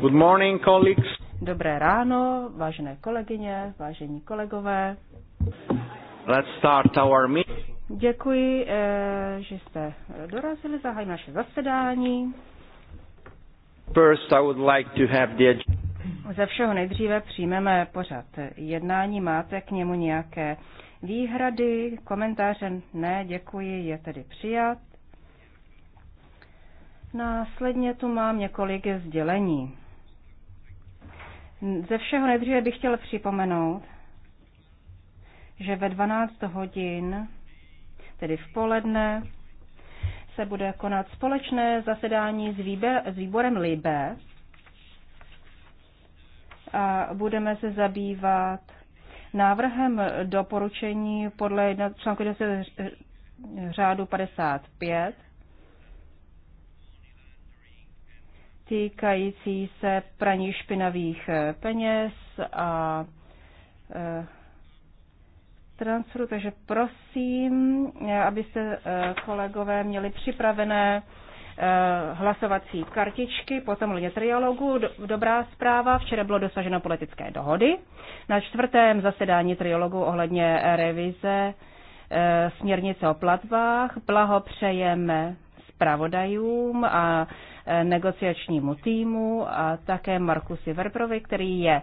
Good morning, colleagues. Dobré ráno, vážené kolegyně, vážení kolegové. Let's start our meeting. Děkuji, eh, že jste dorazili, zahájíme naše zasedání. First, I would like to have the... Ze všeho nejdříve přijmeme pořad jednání. Máte k němu nějaké výhrady, komentáře? Ne, děkuji, je tedy přijat. Následně tu mám několik sdělení. Ze všeho nejdříve bych chtěl připomenout, že ve 12 hodin, tedy v poledne, se bude konat společné zasedání s, výber, s výborem LIBE a budeme se zabývat návrhem doporučení podle článku 10 řádu 55 týkající se praní špinavých eh, peněz a eh, transferu, takže prosím, eh, abyste kolegové měli připravené hlasovací kartičky po tomhle trialogu. Dobrá zpráva, včera bylo dosaženo politické dohody. Na čtvrtém zasedání trialogu ohledně revize směrnice o platbách blahopřejeme zpravodajům a e, negociačnímu týmu a také Marku Siverprovi, který je e,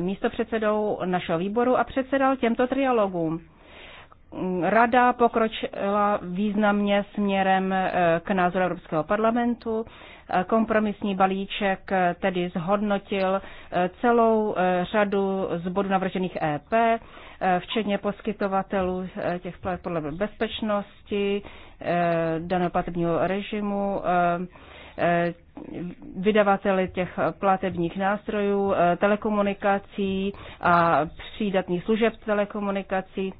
místopředsedou našeho výboru a předsedal těmto trialogům. Rada pokročila významně směrem e, k názoru Evropského parlamentu. Kompromisní balíček tedy zhodnotil celou řadu z bodů navržených EP, včetně poskytovatelů těch podle bezpečnosti, Eh, daného platebního režimu, eh, eh, vydavateli těch platebních nástrojů, telekomunikací a přídatných služeb telekomunikací.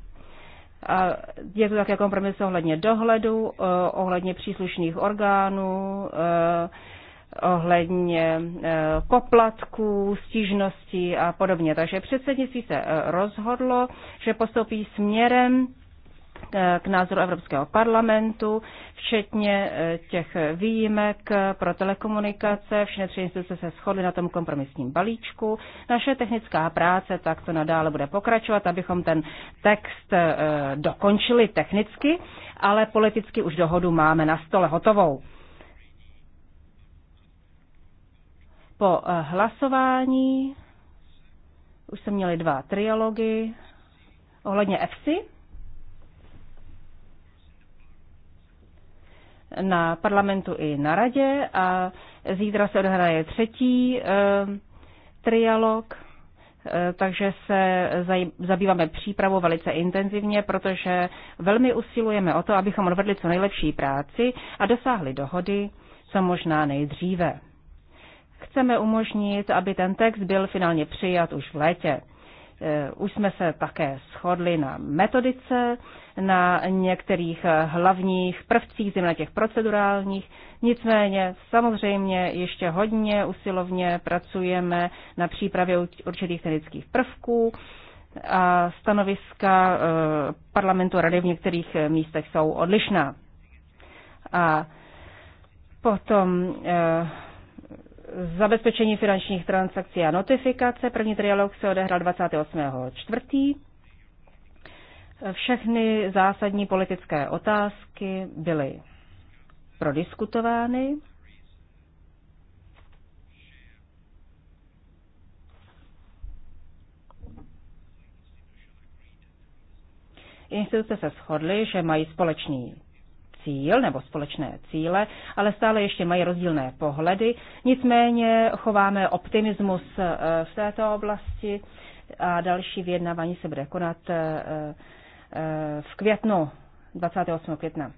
A je to také kompromis ohledně dohledu, ohledně příslušných orgánů, ohledně poplatků, stížností a podobně. Takže předsednictví se rozhodlo, že postoupí směrem Eh, k názoru Evropského parlamentu, včetně eh, těch výjimek pro telekomunikace. Všechny tři instituce se shodly na tom kompromisním balíčku. Naše technická práce takto nadále bude pokračovat, abychom ten text eh, dokončili technicky, ale politicky už dohodu máme na stole hotovou. Po hlasování už jsme měli dva trialogy ohledně EFSI na parlamentu i na radě a zítra se odhraje třetí e, trialog, e, takže se zaj, zabýváme přípravou velice intenzivně, protože velmi usilujeme o to, abychom odvedli co nejlepší práci a dosáhli dohody co možná nejdříve. Chceme umožnit, aby ten text byl finálně přijat už v létě. Eh, už jsme se také shodli na metodice, na některých eh, hlavních prvcích, zejména těch procedurálních. Nicméně samozřejmě ještě hodně usilovně pracujeme na přípravě určitých technických prvků a stanoviska eh, parlamentu a rady v některých místech jsou odlišná. A potom zabezpečení finančních transakcí a notifikace. První trialog se odehrál 28. Všechny zásadní politické otázky byly prodiskutovány. Instituce se shodly, že mají společný cíl nebo společné cíle, ale stále ještě mají rozdílné pohledy. Nicméně chováme optimismus eh, v této oblasti a další vyjednávání se bude konat eh, eh, v květnu, 28. května.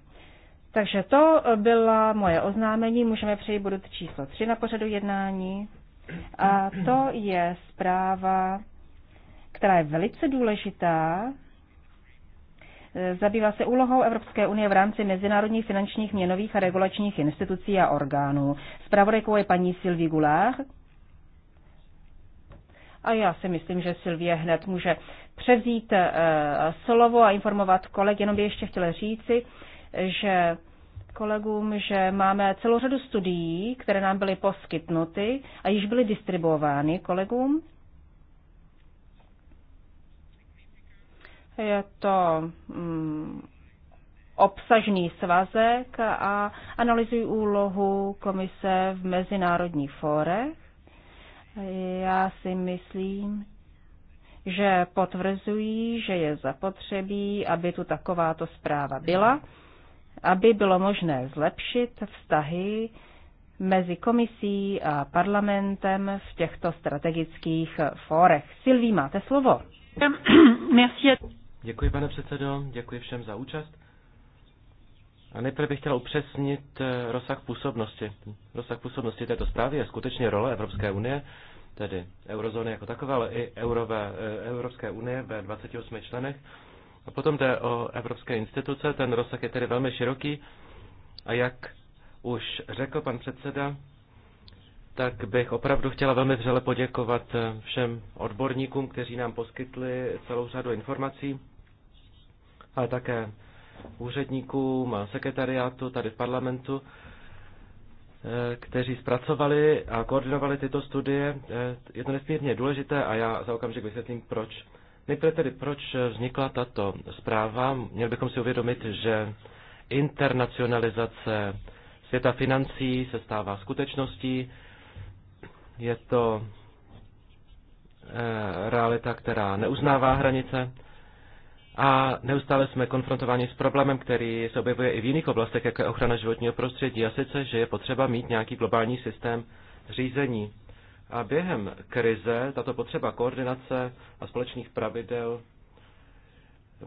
Takže to byla moje oznámení. Můžeme přejít bodu číslo 3 na pořadu jednání. A to je zpráva, která je velice důležitá Zabývá se úlohou Evropské unie v rámci mezinárodních finančních měnových a regulačních institucí a orgánů. Spravodajkou je paní Sylvie Goulard. A já si myslím, že Sylvie hned může převzít uh, slovo a informovat kolegy. Jenom by ještě chtěla říci, že kolegům, že máme celou řadu studií, které nám byly poskytnuty a již byly distribuovány kolegům. Je to mm, obsažný svazek a analyzují úlohu komise v mezinárodních fórech. Já si myslím, že potvrzují, že je zapotřebí, aby tu takováto zpráva byla, aby bylo možné zlepšit vztahy mezi komisí a parlamentem v těchto strategických fórech. Silví, máte slovo. Děkuji, pane předsedo, děkuji všem za účast. A nejprve bych chtěl upřesnit eh, rozsah působnosti. Rozsah působnosti této zprávy je skutečně role Evropské unie, tedy eurozóny jako takové, ale i Eurové, eh, Evropské unie ve 28 členech. A potom jde o evropské instituce, ten rozsah je tedy velmi široký. A jak už řekl pan předseda, tak bych opravdu chtěla velmi vřele poděkovat eh, všem odborníkům, kteří nám poskytli celou řadu informací ale také úředníkům a sekretariátu tady v parlamentu, eh, kteří zpracovali a koordinovali tyto studie. Eh, je to nesmírně důležité a já za okamžik vysvětlím, proč. Nejprve tedy, proč vznikla tato zpráva. Měli bychom si uvědomit, že internacionalizace světa financí se stává skutečností. Je to eh, realita, která neuznává hranice a neustále jsme konfrontováni s problémem, který se objevuje i v jiných oblastech, jako je ochrana životního prostředí, a sice, že je potřeba mít nějaký globální systém řízení. A během krize tato potřeba koordinace a společných pravidel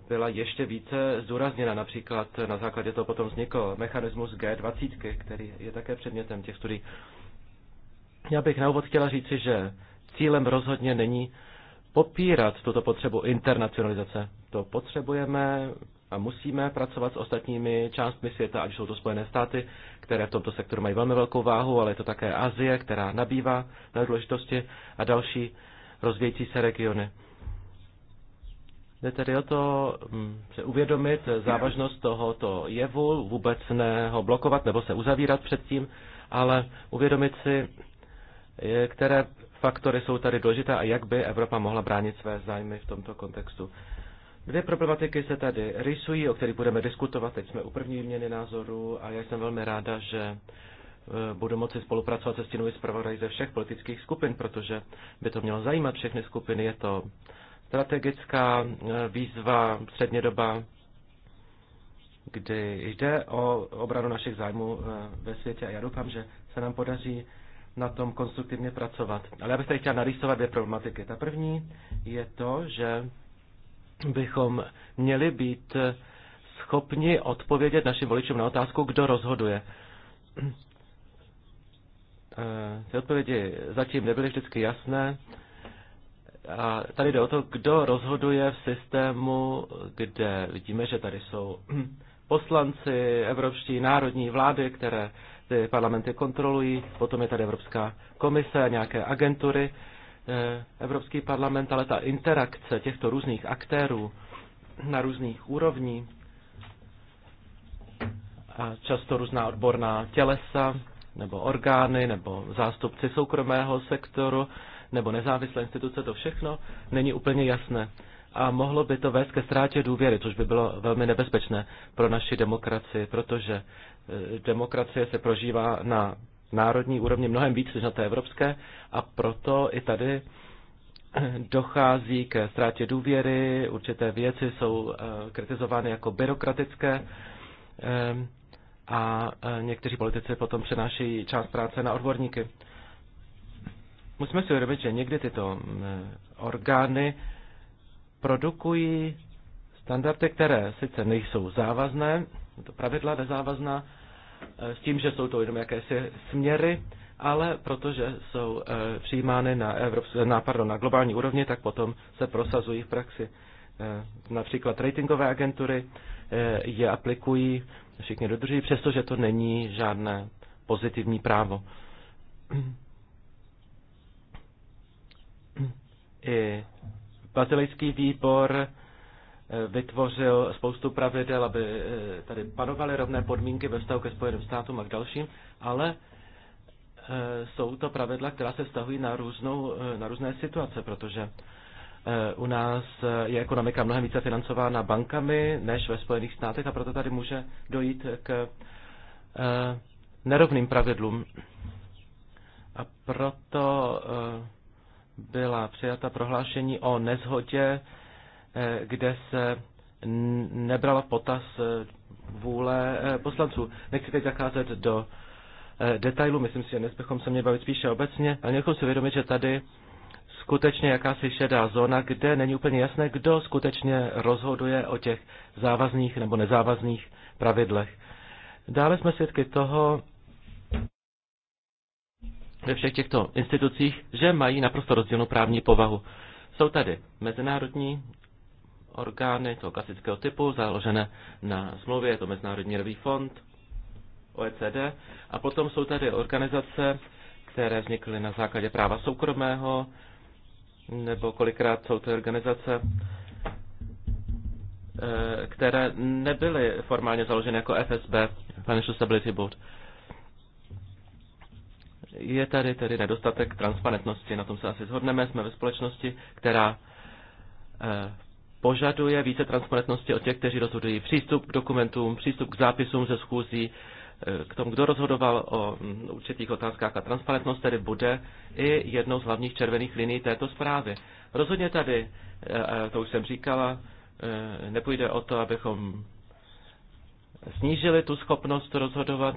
byla ještě více zdůrazněna. Například na základě toho potom vznikl mechanismus G20, který je také předmětem těch studií. Já bych na úvod chtěla říci, že cílem rozhodně není popírat tuto potřebu internacionalizace. To potřebujeme a musíme pracovat s ostatními částmi světa, ať jsou to Spojené státy, které v tomto sektoru mají velmi velkou váhu, ale je to také Asie, která nabývá na důležitosti a další rozvějící se regiony. Jde tedy o to mm, se uvědomit závažnost tohoto jevu, vůbec ne ho blokovat nebo se uzavírat předtím, ale uvědomit si, které faktory jsou tady důležité a jak by Evropa mohla bránit své zájmy v tomto kontextu. Dvě problematiky se tady rysují, o kterých budeme diskutovat. Teď jsme u první výměny názoru a já jsem velmi ráda, že e, budu moci spolupracovat se stínovými zpravodaji ze všech politických skupin, protože by to mělo zajímat všechny skupiny. Je to strategická e, výzva střednědoba, kdy jde o obranu našich zájmů e, ve světě a já doufám, že se nám podaří na tom konstruktivně pracovat. Ale já bych tady chtěl narýsovat dvě problematiky. Ta první je to, že bychom měli být schopni odpovědět našim voličům na otázku, kdo rozhoduje. Eh, ty odpovědi zatím nebyly vždycky jasné. A tady jde o to, kdo rozhoduje v systému, kde vidíme, že tady jsou poslanci, evropští národní vlády, které ty parlamenty kontrolují, potom je tady Evropská komise a nějaké agentury, eh, Evropský parlament, ale ta interakce těchto různých aktérů na různých úrovní a často různá odborná tělesa nebo orgány nebo zástupci soukromého sektoru nebo nezávislé instituce, to všechno není úplně jasné a mohlo by to vést ke ztrátě důvěry, což by bylo velmi nebezpečné pro naši demokracii, protože e, demokracie se prožívá na národní úrovni mnohem víc než na té evropské a proto i tady e, dochází ke ztrátě důvěry, určité věci jsou e, kritizovány jako byrokratické a někteří politici potom přenáší část práce na odborníky. Musíme si uvědomit, že někdy tyto orgány produkují standardy, které sice nejsou závazné, to pravidla nezávazná, eh, s tím, že jsou to jenom jakési směry, ale protože jsou eh, přijímány na, Evropské, na, pardon, na globální úrovni, tak potom se prosazují v praxi. Eh, například ratingové agentury je aplikují, všichni dodržují, přestože to není žádné pozitivní právo. I Bazilejský výbor eh, vytvořil spoustu pravidel, aby eh, tady panovaly rovné podmínky ve vztahu ke Spojeným státům a k dalším, ale eh, jsou to pravidla, která se vztahují na, různou, na různé situace, protože u nás je ekonomika mnohem více financována bankami než ve Spojených státech a proto tady může dojít k nerovným pravidlům. A proto byla přijata prohlášení o nezhodě, eh, kde se nebrala potaz eh, vůle eh, poslanců. Nechci teď zacházet do detailu, myslím si, že dnes bychom se měli bavit spíše obecně, ale měli si uvědomit, že tady skutečně jakási šedá zóna, kde není úplně jasné, kdo skutečně rozhoduje o těch závazných nebo nezávazných pravidlech. Dále jsme svědky toho, ve všech těchto institucích, že mají naprosto rozdílnou právní povahu. Jsou tady mezinárodní orgány toho klasického typu, založené na smlouvě, je to Mezinárodní měnový fond, OECD, a potom jsou tady organizace, které vznikly na základě práva soukromého, nebo kolikrát jsou to organizace, eh, které nebyly formálně založeny jako FSB, Financial Stability Board. Je tady tedy nedostatek transparentnosti, na tom se asi shodneme, jsme ve společnosti, která eh, požaduje více transparentnosti od těch, kteří rozhodují přístup k dokumentům, přístup k zápisům ze schůzí, eh, k tomu, kdo rozhodoval o mm, určitých otázkách a transparentnost tedy bude i jednou z hlavních červených linií této zprávy. Rozhodně tady, eh, to už jsem říkala, nepůjde o to, abychom snížili tu schopnost rozhodovat,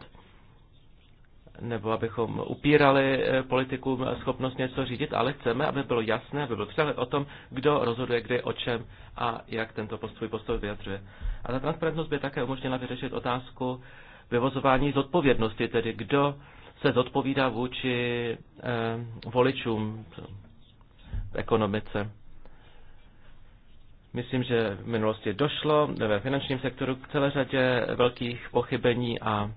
nebo abychom upírali eh, politikům schopnost něco řídit, ale chceme, aby bylo jasné, aby byl přehled o tom, kdo rozhoduje kdy, o čem a jak tento svůj postoj vyjadřuje. A ta transparentnost by také umožnila vyřešit otázku vyvozování zodpovědnosti, tedy kdo se zodpovídá vůči eh, voličům v ekonomice. Myslím, že v minulosti došlo ve finančním sektoru k celé řadě velkých pochybení a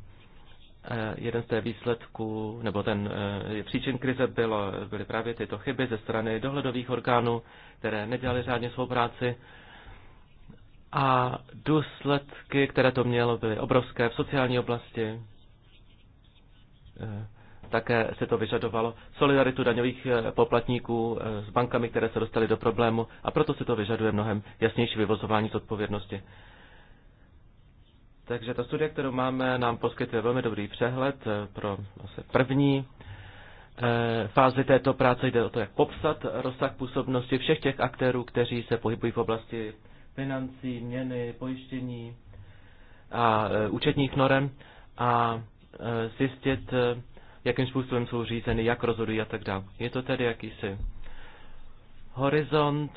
Eh, jeden z té výsledků, nebo ten eh, příčin krize bylo, byly právě tyto chyby ze strany dohledových orgánů, které nedělaly řádně svou práci. A důsledky, které to mělo, byly obrovské v sociální oblasti. Eh, také se to vyžadovalo solidaritu daňových poplatníků s bankami, které se dostaly do problému a proto se to vyžaduje mnohem jasnější vyvozování zodpovědnosti. odpovědnosti. Takže ta studie, kterou máme, nám poskytuje velmi dobrý přehled eh, pro asi první eh, fázi této práce. Jde o to, jak popsat rozsah působnosti všech těch aktérů, kteří se pohybují v oblasti financí, měny, pojištění a eh, účetních norem a zjistit, jakým způsobem jsou řízeny, jak rozhodují a tak dále. Je to tedy jakýsi horizont,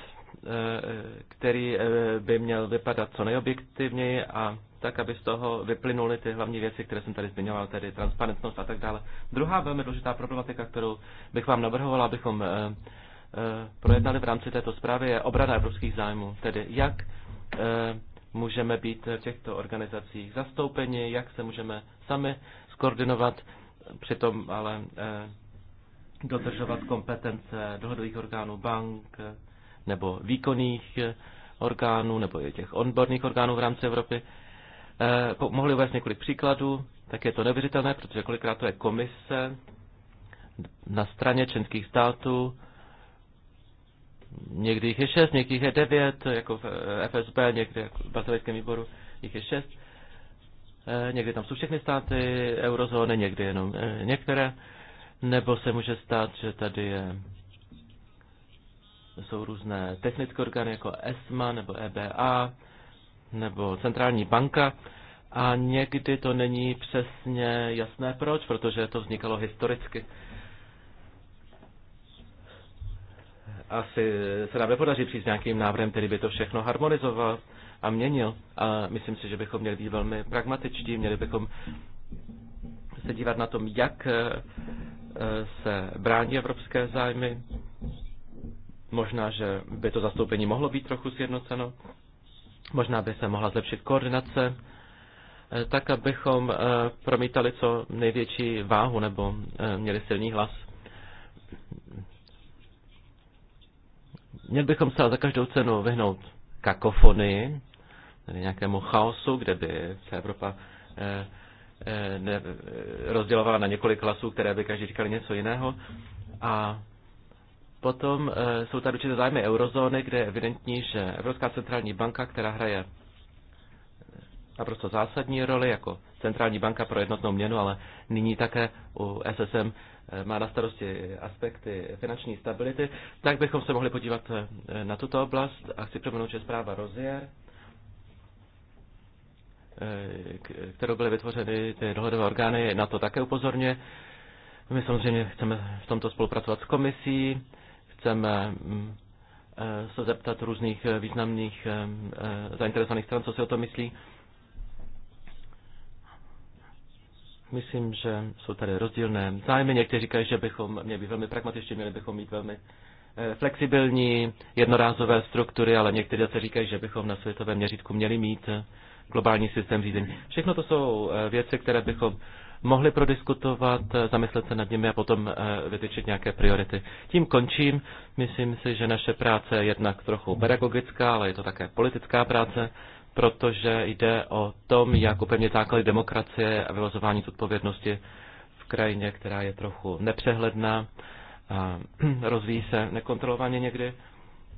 který by měl vypadat co nejobjektivněji a tak aby z toho vyplynuly ty hlavní věci, které jsem tady zmiňoval, tedy transparentnost a tak dále. Druhá velmi důležitá problematika, kterou bych vám navrhoval, abychom eh, eh, projednali v rámci této zprávy, je obrana evropských zájmů, tedy jak eh, můžeme být v těchto organizacích zastoupeni, jak se můžeme sami skoordinovat, přitom ale dodržovat kompetence dohodových orgánů bank nebo výkonných orgánů nebo i těch odborných orgánů v rámci Evropy. Eh, mohli uvést několik příkladů, tak je to nevěřitelné, protože kolikrát to je komise na straně členských států, někdy jich je šest, někdy jich je devět, jako v eh, FSB, někdy jako v Baselejském výboru jich je šest. Eh, někdy tam jsou všechny státy eurozóny, někdy jenom některé. Nebo se může stát, že tady je, jsou různé technické orgány jako ESMA nebo EBA, nebo centrální banka a někdy to není přesně jasné proč, protože to vznikalo historicky. Asi se nám nepodaří přijít s nějakým návrhem, který by to všechno harmonizoval a měnil. A myslím si, že bychom měli být velmi pragmatičtí, měli bychom se dívat na tom, jak eh, se brání evropské zájmy. Možná, že by to zastoupení mohlo být trochu sjednoceno. Možná by se mohla zlepšit koordinace, eh, tak abychom eh, promítali co největší váhu nebo eh, měli silný hlas. Měli bychom se za každou cenu vyhnout kakofonii, tedy nějakému chaosu, kde by se Evropa rozdělovala na několik hlasů, které by každý říkali něco jiného. A Potom eh, jsou tady určité zájmy eurozóny, kde je evidentní, že Evropská centrální banka, která hraje naprosto zásadní roli jako centrální banka pro jednotnou měnu, ale nyní také u SSM eh, má na starosti aspekty finanční stability, tak bychom se mohli podívat eh, na tuto oblast a chci připomenout, že zpráva Rozier, kterou byly vytvořeny ty dohledové orgány, na to také upozorně. My samozřejmě chceme v tomto spolupracovat s komisí, chceme mm, eh, se zeptat různých eh, významných eh, zainteresovaných stran, co si o to myslí. Myslím, že jsou tady rozdílné zájmy. Někteří říkají, že bychom měli být velmi pragmatičtí, měli bychom mít velmi flexibilní, jednorázové struktury, ale někteří zase říkají, že bychom na světovém měřítku měli mít globální systém řízení. Všechno to jsou věci, které bychom mohli prodiskutovat, zamyslet se nad nimi a potom eh, vytyčit nějaké priority. Tím končím. Myslím si, že naše práce je jednak trochu pedagogická, ale je to také politická práce, protože jde o tom, jak upevnit základy demokracie a vyvozování zodpovědnosti v krajině, která je trochu nepřehledná a rozvíjí se nekontrolovaně někdy.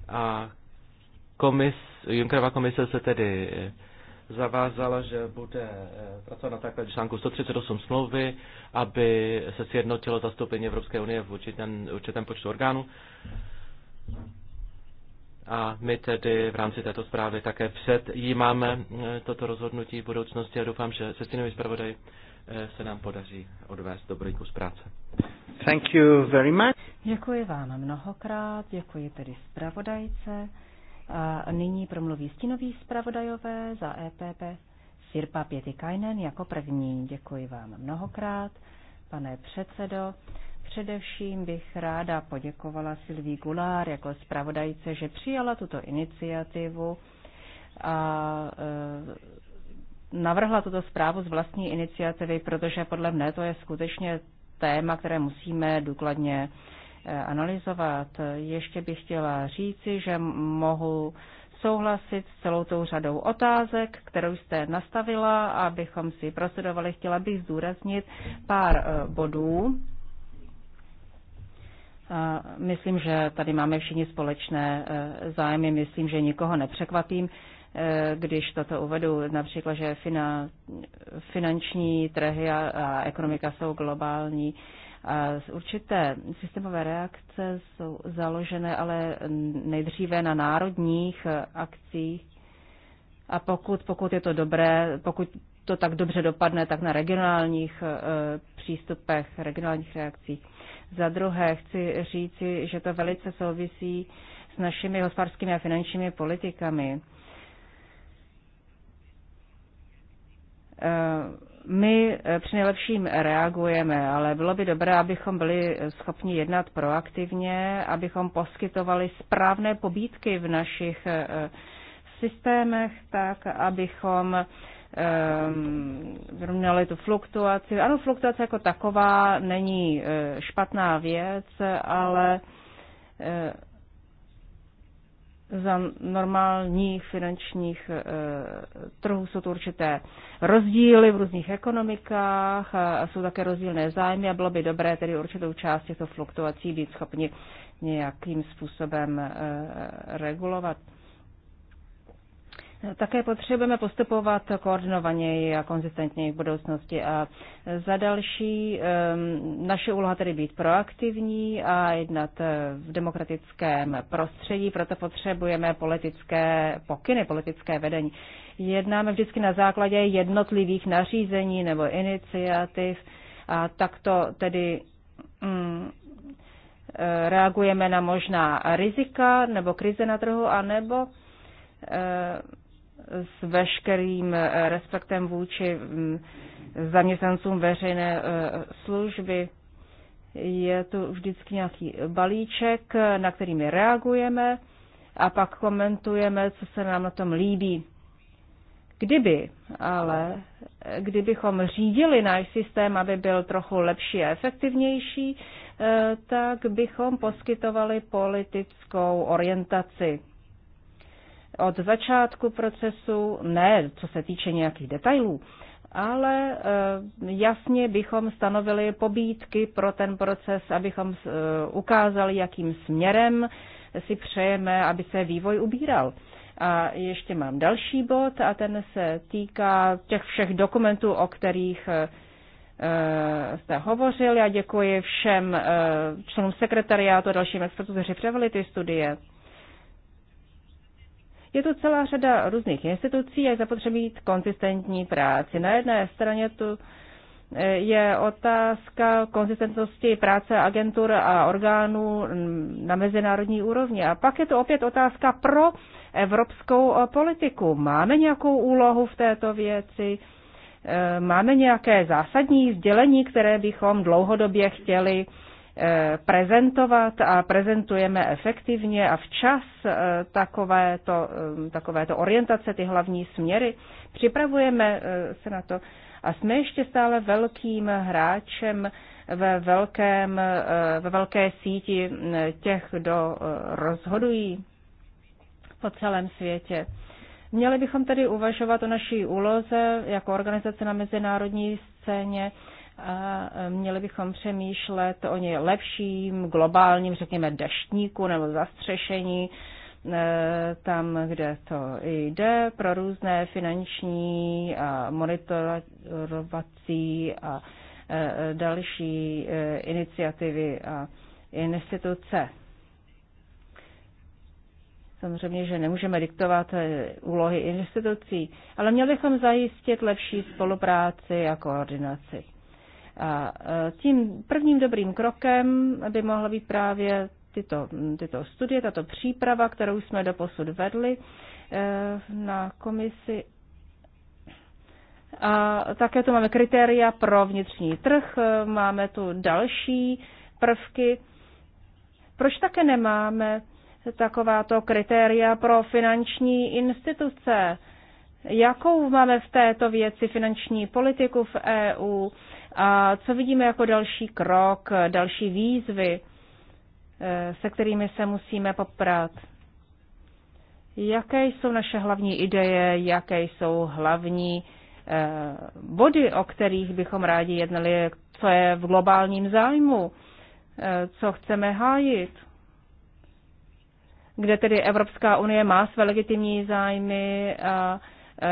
A komis, Junckerova komise se tedy zavázala, že bude eh, pracovat na základě článku 138 smlouvy, aby se sjednotilo zastoupení Evropské unie v určitém, určitém počtu orgánů. A my tedy v rámci této zprávy také máme eh, toto rozhodnutí v budoucnosti a doufám, že se stínový zpravodaj eh, se nám podaří odvést dobrý kus práce. Thank you very much. Děkuji vám mnohokrát, děkuji tedy zpravodajce. A nyní promluví stinový zpravodajové za EPP Sirpa Pětikajnen jako první. Děkuji vám mnohokrát, pane předsedo. Především bych ráda poděkovala Silví Gulár jako zpravodajce, že přijala tuto iniciativu a e, navrhla tuto zprávu z vlastní iniciativy, protože podle mne to je skutečně téma, které musíme důkladně analyzovat. Ještě bych chtěla říci, že mohu souhlasit s celou tou řadou otázek, kterou jste nastavila, abychom si procedovali. Chtěla bych zdůraznit pár eh, bodů. Myslím, že tady máme všichni společné eh, zájmy. Myslím, že nikoho nepřekvapím, Eh, když toto uvedu, například, že finanční trhy a ekonomika jsou globální. A určité systémové reakce jsou založené ale nejdříve na národních akcích a pokud, pokud je to dobré, pokud to tak dobře dopadne, tak na regionálních eh, přístupech, regionálních reakcích. Za druhé chci říci, že to velice souvisí s našimi hospodářskými a finančními politikami. My při nejlepším reagujeme, ale bylo by dobré, abychom byli schopni jednat proaktivně, abychom poskytovali správné pobídky v našich eh, systémech, tak abychom eh, zrovnali tu fluktuaci. Ano, fluktuace jako taková není eh, špatná věc, ale za normálních finančních eh, trhů jsou to určité rozdíly v různých ekonomikách a jsou také rozdílné zájmy a bylo by dobré tedy určitou část těchto fluktuací být schopni nějakým způsobem eh, regulovat. Také potřebujeme postupovat koordinovaněji a konzistentněji v budoucnosti. A za další, naše úloha tedy být proaktivní a jednat eh, v demokratickém prostředí, proto potřebujeme politické pokyny, politické vedení. Jednáme vždycky na základě jednotlivých nařízení nebo iniciativ a takto tedy mm, eh, reagujeme na možná rizika nebo krize na trhu, anebo eh, s veškerým eh, respektem vůči mm, zaměstnancům veřejné eh, služby. Je tu vždycky nějaký balíček, eh, na který my reagujeme a pak komentujeme, co se nám na tom líbí. Kdyby, ale kdybychom řídili náš systém, aby byl trochu lepší a efektivnější, tak bychom poskytovali politickou orientaci od začátku procesu, ne co se týče nějakých detailů, ale eh, jasně bychom stanovili pobídky pro ten proces, abychom eh, ukázali, jakým směrem si přejeme, aby se vývoj ubíral. A ještě mám další bod a ten se týká těch všech dokumentů, o kterých eh, jste hovořil. Já děkuji všem členům sekretariátu a dalším expertům, kteří převali ty studie. Je tu celá řada různých institucí, jak zapotřebí mít konzistentní práci. Na jedné straně tu eh, je otázka konzistentnosti práce agentur a orgánů mm, na mezinárodní úrovni. A pak je to opět otázka pro evropskou eh, politiku. Máme nějakou úlohu v této věci? Eh, máme nějaké zásadní sdělení, které bychom dlouhodobě chtěli Eh, prezentovat a prezentujeme efektivně a včas eh, takovéto, eh, takovéto orientace, ty hlavní směry. Připravujeme se na to a jsme ještě stále velkým hráčem ve, velkém, ve velké síti těch, kdo rozhodují po celém světě. Měli bychom tedy uvažovat o naší úloze jako organizace na mezinárodní scéně, a měli bychom přemýšlet o něj lepším globálním, řekněme, deštníku nebo zastřešení, e, tam, kde to jde, pro různé finanční a monitorovací a e, další e, iniciativy a instituce. Samozřejmě, že nemůžeme diktovat úlohy institucí, ale měli bychom zajistit lepší spolupráci a koordinaci. A e, tím prvním dobrým krokem by mohla být právě tyto, tyto studie, tato příprava, kterou jsme doposud vedli e, na komisi. A také tu máme kritéria pro vnitřní trh, e, máme tu další prvky. Proč také nemáme takováto kritéria pro finanční instituce? Jakou máme v této věci finanční politiku v EU? A co vidíme jako další krok, další výzvy, eh, se kterými se musíme poprat? Jaké jsou naše hlavní ideje, jaké jsou hlavní eh, body, o kterých bychom rádi jednali, co je v globálním zájmu, eh, co chceme hájit, kde tedy Evropská unie má své legitimní zájmy a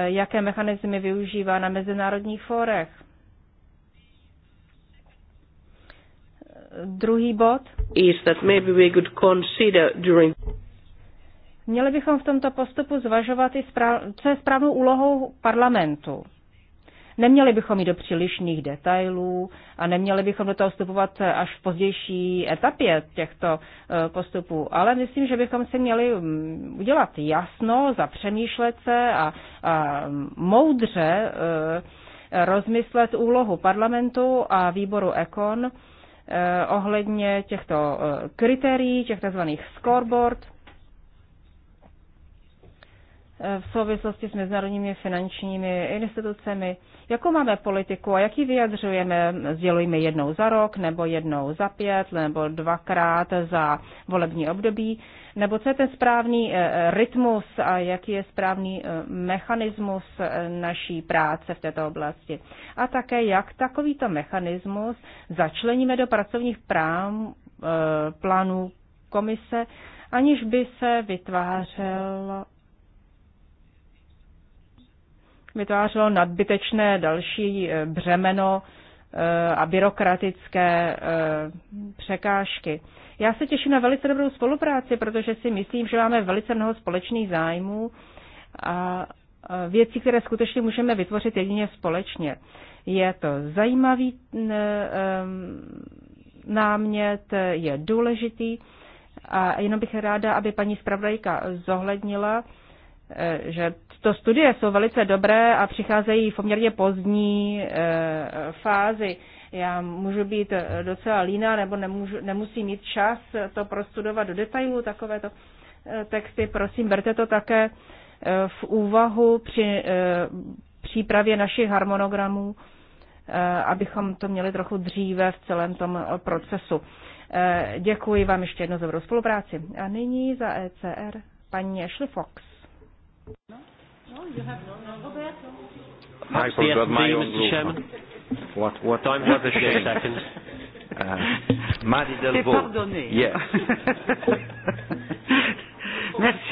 jaké mechanismy využívá na mezinárodních fórech. Druhý bod is that maybe we could consider during Měli bychom v tomto postupu zvažovat, i správ, co je správnou úlohou parlamentu. Neměli bychom jít do přílišných detailů a neměli bychom do toho vstupovat až v pozdější etapě těchto eh, postupů. Ale myslím, že bychom si měli mm, udělat jasno, zapřemýšlet se a, a moudře eh, rozmyslet úlohu parlamentu a výboru ECON Eh, ohledně těchto eh, kritérií, těch tzv. scoreboard v souvislosti s mezinárodními finančními institucemi, jakou máme politiku a jaký vyjadřujeme, sdělujeme jednou za rok, nebo jednou za pět, nebo dvakrát za volební období, nebo co je ten správný eh, rytmus a jaký je správný eh, mechanismus eh, naší práce v této oblasti. A také, jak takovýto mechanismus začleníme do pracovních prám, plánů komise, aniž by se vytvářel vytvářelo nadbytečné další eh, břemeno eh, a byrokratické eh, překážky. Já se těším na velice dobrou spolupráci, protože si myslím, že máme velice mnoho společných zájmů a věcí, které skutečně můžeme vytvořit jedině společně. Je to zajímavý námět, je důležitý a jenom bych ráda, aby paní zpravodajka zohlednila, že to studie jsou velice dobré a přicházejí v poměrně pozdní e, fázi. Já můžu být docela líná nebo nemůžu, nemusím mít čas to prostudovat do detailů, takovéto eh, texty. Prosím, berte to také eh, v úvahu při e, přípravě našich harmonogramů, e, abychom to měli trochu dříve v celém tom procesu. E, děkuji vám ještě jednou za dobrou spolupráci. A nyní za ECR paní Ashley Fox. No. No, no, no, I forgot my own rule. What, what, Time has a shame. Second. Uh, Marie Delvaux. pardonné. Yes. Merci.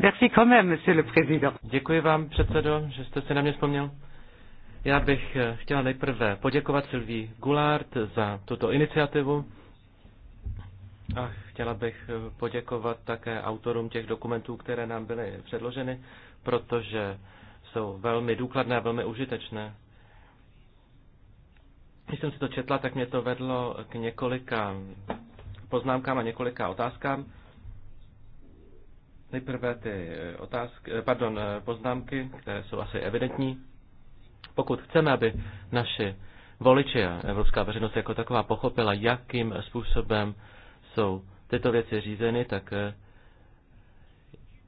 Merci quand même, monsieur le président. Děkuji vám, předsedo, že jste se na mě vzpomněl. Já bych eh, chtěla nejprve poděkovat Sylvie Goulart za tuto iniciativu a chtěla bych eh, poděkovat také autorům těch dokumentů, které nám byly předloženy, protože jsou velmi důkladné a velmi užitečné. Když jsem si to četla, tak mě to vedlo k několika poznámkám a několika otázkám. Nejprve ty eh, otázky, eh, pardon, poznámky, které jsou asi evidentní. Pokud chceme, aby naši voliči a evropská veřejnost jako taková pochopila, jakým způsobem jsou tyto věci řízeny, tak eh,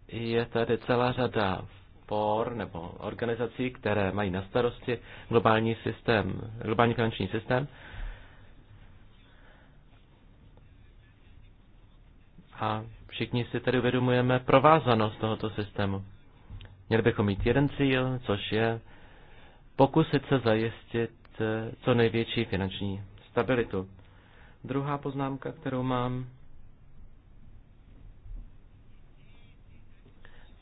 je tady celá řada por, nebo organizací, které mají na starosti globální systém, globální finanční systém. A všichni si tedy uvědomujeme provázanost tohoto systému. Měli bychom mít jeden cíl, což je pokusit se zajistit eh, co největší finanční stabilitu. Druhá poznámka, kterou mám,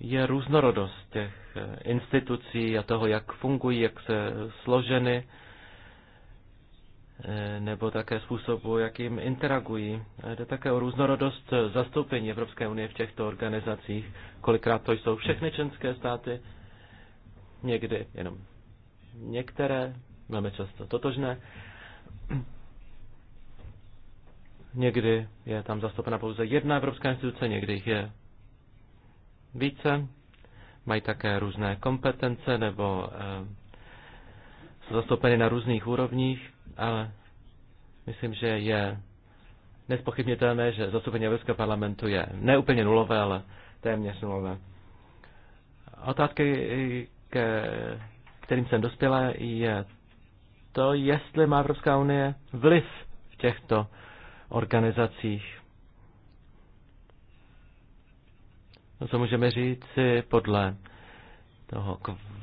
je různorodost těch eh, institucí a toho, jak fungují, jak se složeny, eh, nebo také způsobu, jak jim interagují. Jde také o různorodost zastoupení Evropské unie v těchto organizacích. Kolikrát to jsou všechny členské státy, někdy jenom některé, velmi často totožné. Někdy je tam zastoupena pouze jedna evropská instituce, někdy jich je více. Mají také různé kompetence nebo eh, jsou zastoupeny na různých úrovních, ale myslím, že je nespochybnitelné, že zastoupení Evropského parlamentu je neúplně nulové, ale téměř nulové. Otázky, ke kterým jsem dospěla, je to, jestli má Evropská unie vliv v těchto organizacích. No, co můžeme říci podle toho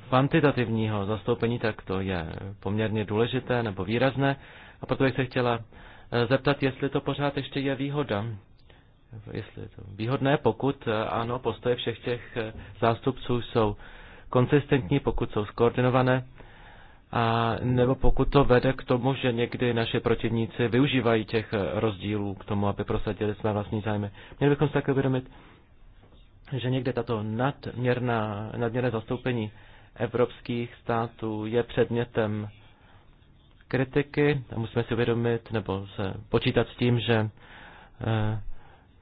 kvantitativního zastoupení, tak to je poměrně důležité nebo výrazné. A proto bych se chtěla eh, zeptat, jestli to pořád ještě je výhoda. Jestli je to výhodné, pokud eh, ano, postoje všech těch eh, zástupců jsou konsistentní, pokud jsou skoordinované a nebo pokud to vede k tomu, že někdy naše protivníci využívají těch eh, rozdílů k tomu, aby prosadili své vlastní zájmy. Měli bychom se také uvědomit, že někde tato nadměrná, nadměrné zastoupení evropských států je předmětem kritiky a musíme si uvědomit nebo se počítat s tím, že eh,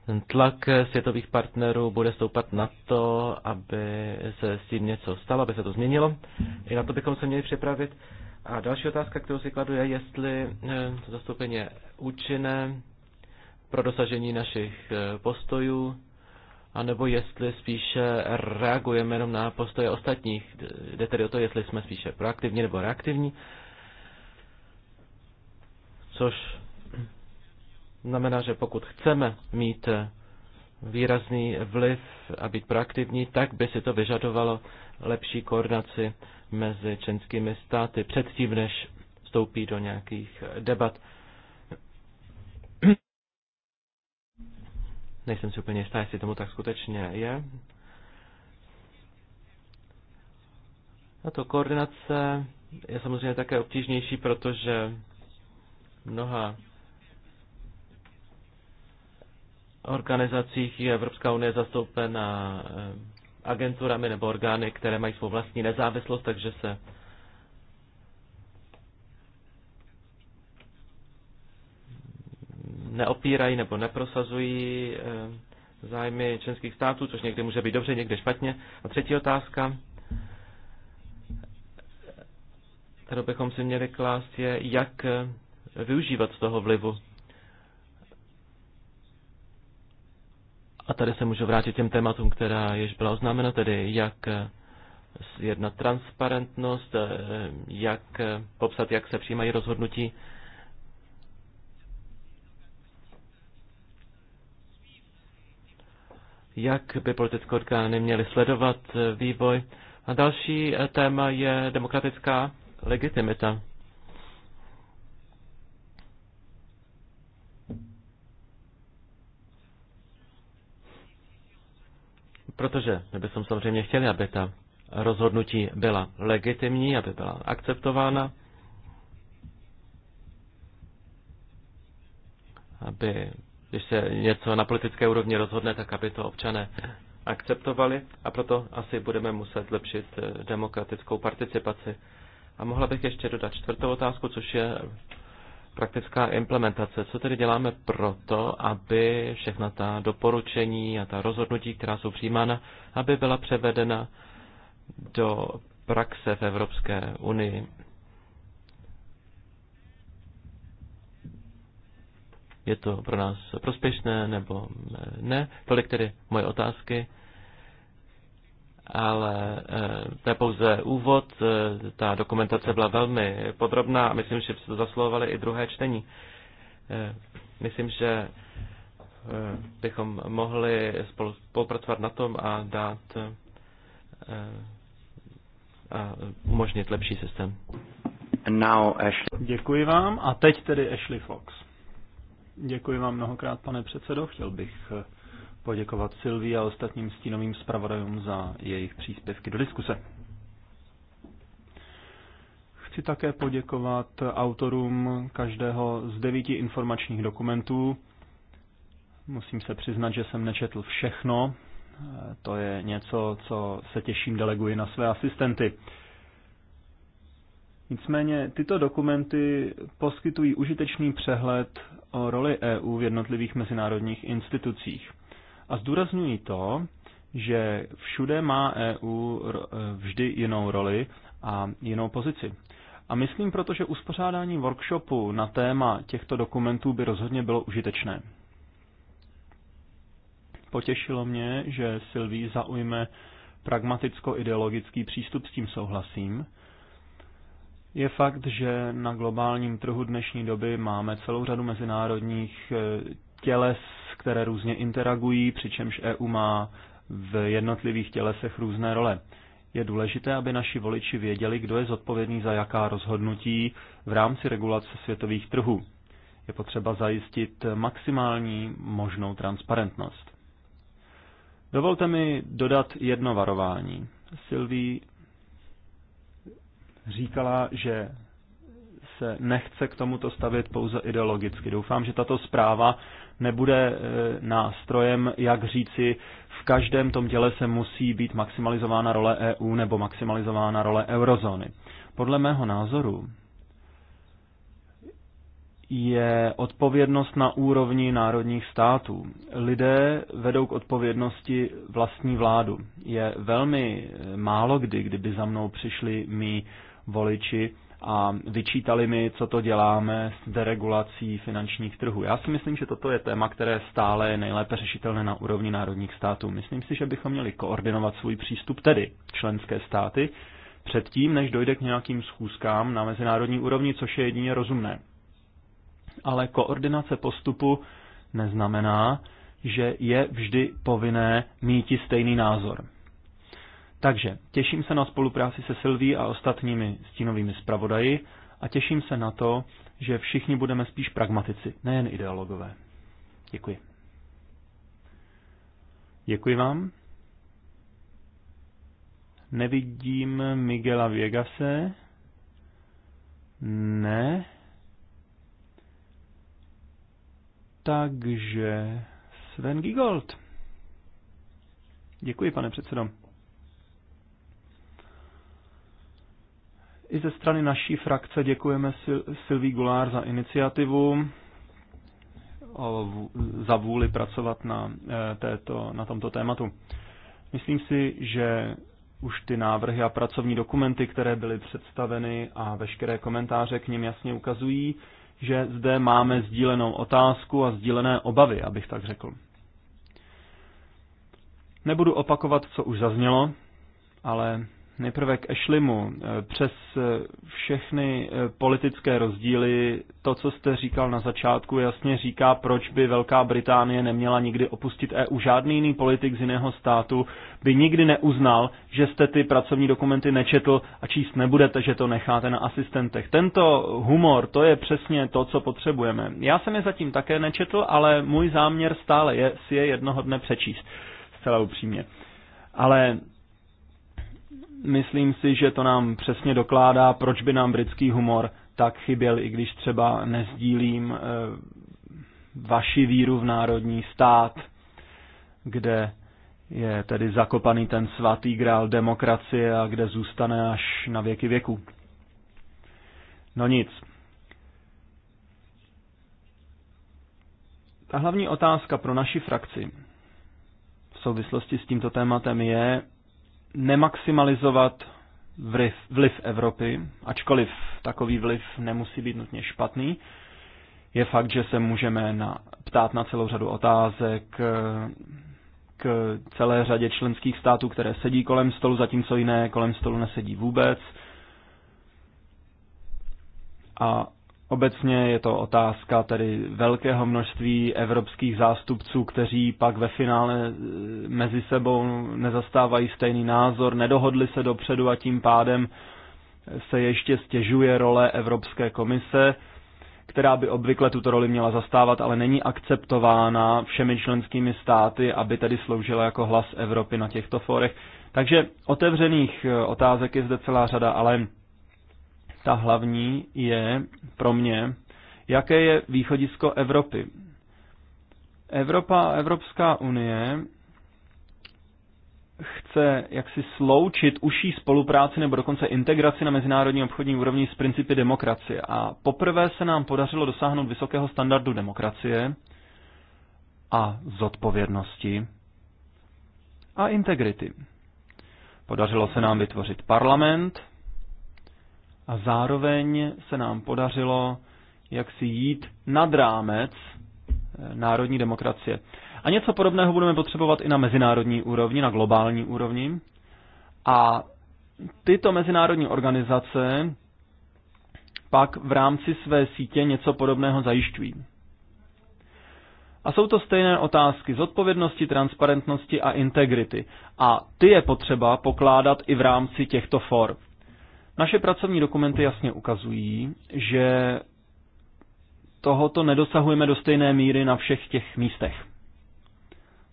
ten tlak světových partnerů bude stoupat na to, aby se s tím něco stalo, aby se to změnilo. I na to bychom se měli připravit. A další otázka, kterou si kladu, je, jestli to eh, zastoupení je účinné pro dosažení našich eh, postojů, anebo jestli spíše reagujeme jenom na postoje ostatních. Jde tedy o to, jestli jsme spíše proaktivní nebo reaktivní. Což Znamená, že pokud chceme mít výrazný vliv a být proaktivní, tak by si to vyžadovalo lepší koordinaci mezi členskými státy předtím, než vstoupí do nějakých debat. Nejsem si úplně jistá, jestli tomu tak skutečně je. A to koordinace je samozřejmě také obtížnější, protože mnoha organizacích je Evropská unie zastoupena eh, agenturami nebo orgány, které mají svou vlastní nezávislost, takže se neopírají nebo neprosazují eh, zájmy členských států, což někdy může být dobře, někdy špatně. A třetí otázka, kterou bychom si měli klást, je, jak eh, využívat z toho vlivu A tady se můžu vrátit těm tématům, která již byla oznámena, tedy jak eh, jedna transparentnost, eh, jak eh, popsat, jak se přijímají rozhodnutí. Jak by politické orgány měly sledovat vývoj. A další téma je demokratická legitimita. protože my bychom samozřejmě chtěli, aby ta rozhodnutí byla legitimní, aby byla akceptována, aby, když se něco na politické úrovni rozhodne, tak aby to občané akceptovali a proto asi budeme muset zlepšit eh, demokratickou participaci. A mohla bych ještě dodat čtvrtou otázku, což je praktická implementace. Co tedy děláme proto, aby všechna ta doporučení a ta rozhodnutí, která jsou přijímána, aby byla převedena do praxe v Evropské unii? Je to pro nás prospěšné nebo ne? Tolik tedy moje otázky ale eh, to je pouze úvod. Eh, ta dokumentace byla velmi podrobná a myslím, že to zaslouvali i druhé čtení. Eh, myslím, že bychom mohli spolu, spolupracovat na tom a dát a umožnit lepší systém. Now, Ashley. Děkuji vám a teď tedy Ashley Fox. Děkuji vám mnohokrát, pane předsedo. Chtěl bych poděkovat Silvii a ostatním stínovým zpravodajům za jejich příspěvky do diskuse. Chci také poděkovat autorům každého z devíti informačních dokumentů. Musím se přiznat, že jsem nečetl všechno. To je něco, co se těším deleguji na své asistenty. Nicméně tyto dokumenty poskytují užitečný přehled o roli EU v jednotlivých mezinárodních institucích – a zdůraznuju to, že všude má EU e, vždy jinou roli a jinou pozici. A myslím proto, že uspořádání workshopu na téma těchto dokumentů by rozhodně bylo užitečné. Potěšilo mě, že Silví zaujme pragmaticko-ideologický přístup, s tím souhlasím. Je fakt, že na globálním trhu dnešní doby máme celou řadu mezinárodních e, těles, které různě interagují, přičemž EU má v jednotlivých tělesech různé role. Je důležité, aby naši voliči věděli, kdo je zodpovědný za jaká rozhodnutí v rámci regulace světových trhů. Je potřeba zajistit maximální možnou transparentnost. Dovolte mi dodat jedno varování. Sylvie říkala, že se nechce k tomuto stavět pouze ideologicky. Doufám, že tato zpráva nebude e, nástrojem, jak říci, v každém tom děle se musí být maximalizována role EU nebo maximalizována role eurozóny. Podle mého názoru je odpovědnost na úrovni národních států. Lidé vedou k odpovědnosti vlastní vládu. Je velmi e, málo kdy, kdyby za mnou přišli mý voliči a vyčítali mi, co to děláme s deregulací finančních trhů. Já si myslím, že toto je téma, které stále je nejlépe řešitelné na úrovni národních států. Myslím si, že bychom měli koordinovat svůj přístup, tedy členské státy, předtím, než dojde k nějakým schůzkám na mezinárodní úrovni, což je jedině rozumné. Ale koordinace postupu neznamená, že je vždy povinné mít stejný názor. Takže těším se na spolupráci se Silví a ostatními stínovými zpravodaji a těším se na to, že všichni budeme spíš pragmatici, nejen ideologové. Děkuji. Děkuji vám. Nevidím Miguela Viegase. Ne. Takže Sven Gigold. Děkuji, pane předsedo. I ze strany naší frakce děkujeme Sil- Silví Gulár za iniciativu, za vůli pracovat na, e, této, na tomto tématu. Myslím si, že už ty návrhy a pracovní dokumenty, které byly představeny a veškeré komentáře k ním jasně ukazují, že zde máme sdílenou otázku a sdílené obavy, abych tak řekl. Nebudu opakovat, co už zaznělo, ale Nejprve k Ešlimu. Přes eh, všechny eh, politické rozdíly, to, co jste říkal na začátku, jasně říká, proč by Velká Británie neměla nikdy opustit EU. Žádný jiný politik z jiného státu by nikdy neuznal, že jste ty pracovní dokumenty nečetl a číst nebudete, že to necháte na asistentech. Tento humor, to je přesně to, co potřebujeme. Já jsem je zatím také nečetl, ale můj záměr stále je si je jednoho dne přečíst. Zcela upřímně. Ale Myslím si, že to nám přesně dokládá, proč by nám britský humor tak chyběl, i když třeba nezdílím eh, vaši víru v národní stát, kde je tedy zakopaný ten svatý grál demokracie a kde zůstane až na věky věku. No nic. Ta hlavní otázka pro naši frakci v souvislosti s tímto tématem je, nemaximalizovat vliv, vliv Evropy, ačkoliv takový vliv nemusí být nutně špatný. Je fakt, že se můžeme na, ptát na celou řadu otázek eh, k celé řadě členských států, které sedí kolem stolu, zatímco jiné kolem stolu nesedí vůbec. A Obecně je to otázka tedy velkého množství evropských zástupců, kteří pak ve finále e, mezi sebou nezastávají stejný názor, nedohodli se dopředu a tím pádem se ještě stěžuje role Evropské komise, která by obvykle tuto roli měla zastávat, ale není akceptována všemi členskými státy, aby tedy sloužila jako hlas Evropy na těchto fórech. Takže otevřených e, otázek je zde celá řada, ale ta hlavní je pro mě, jaké je východisko Evropy. Evropa a Evropská unie chce jaksi sloučit užší spolupráci nebo dokonce integraci na mezinárodní obchodní úrovni s principy demokracie. A poprvé se nám podařilo dosáhnout vysokého standardu demokracie a zodpovědnosti a integrity. Podařilo se nám vytvořit parlament, a zároveň se nám podařilo jak si jít nad rámec eh, národní demokracie. A něco podobného budeme potřebovat i na mezinárodní úrovni, na globální úrovni. A tyto mezinárodní organizace pak v rámci své sítě něco podobného zajišťují. A jsou to stejné otázky zodpovědnosti, transparentnosti a integrity. A ty je potřeba pokládat i v rámci těchto for. Naše pracovní dokumenty jasně ukazují, že tohoto nedosahujeme do stejné míry na všech těch místech.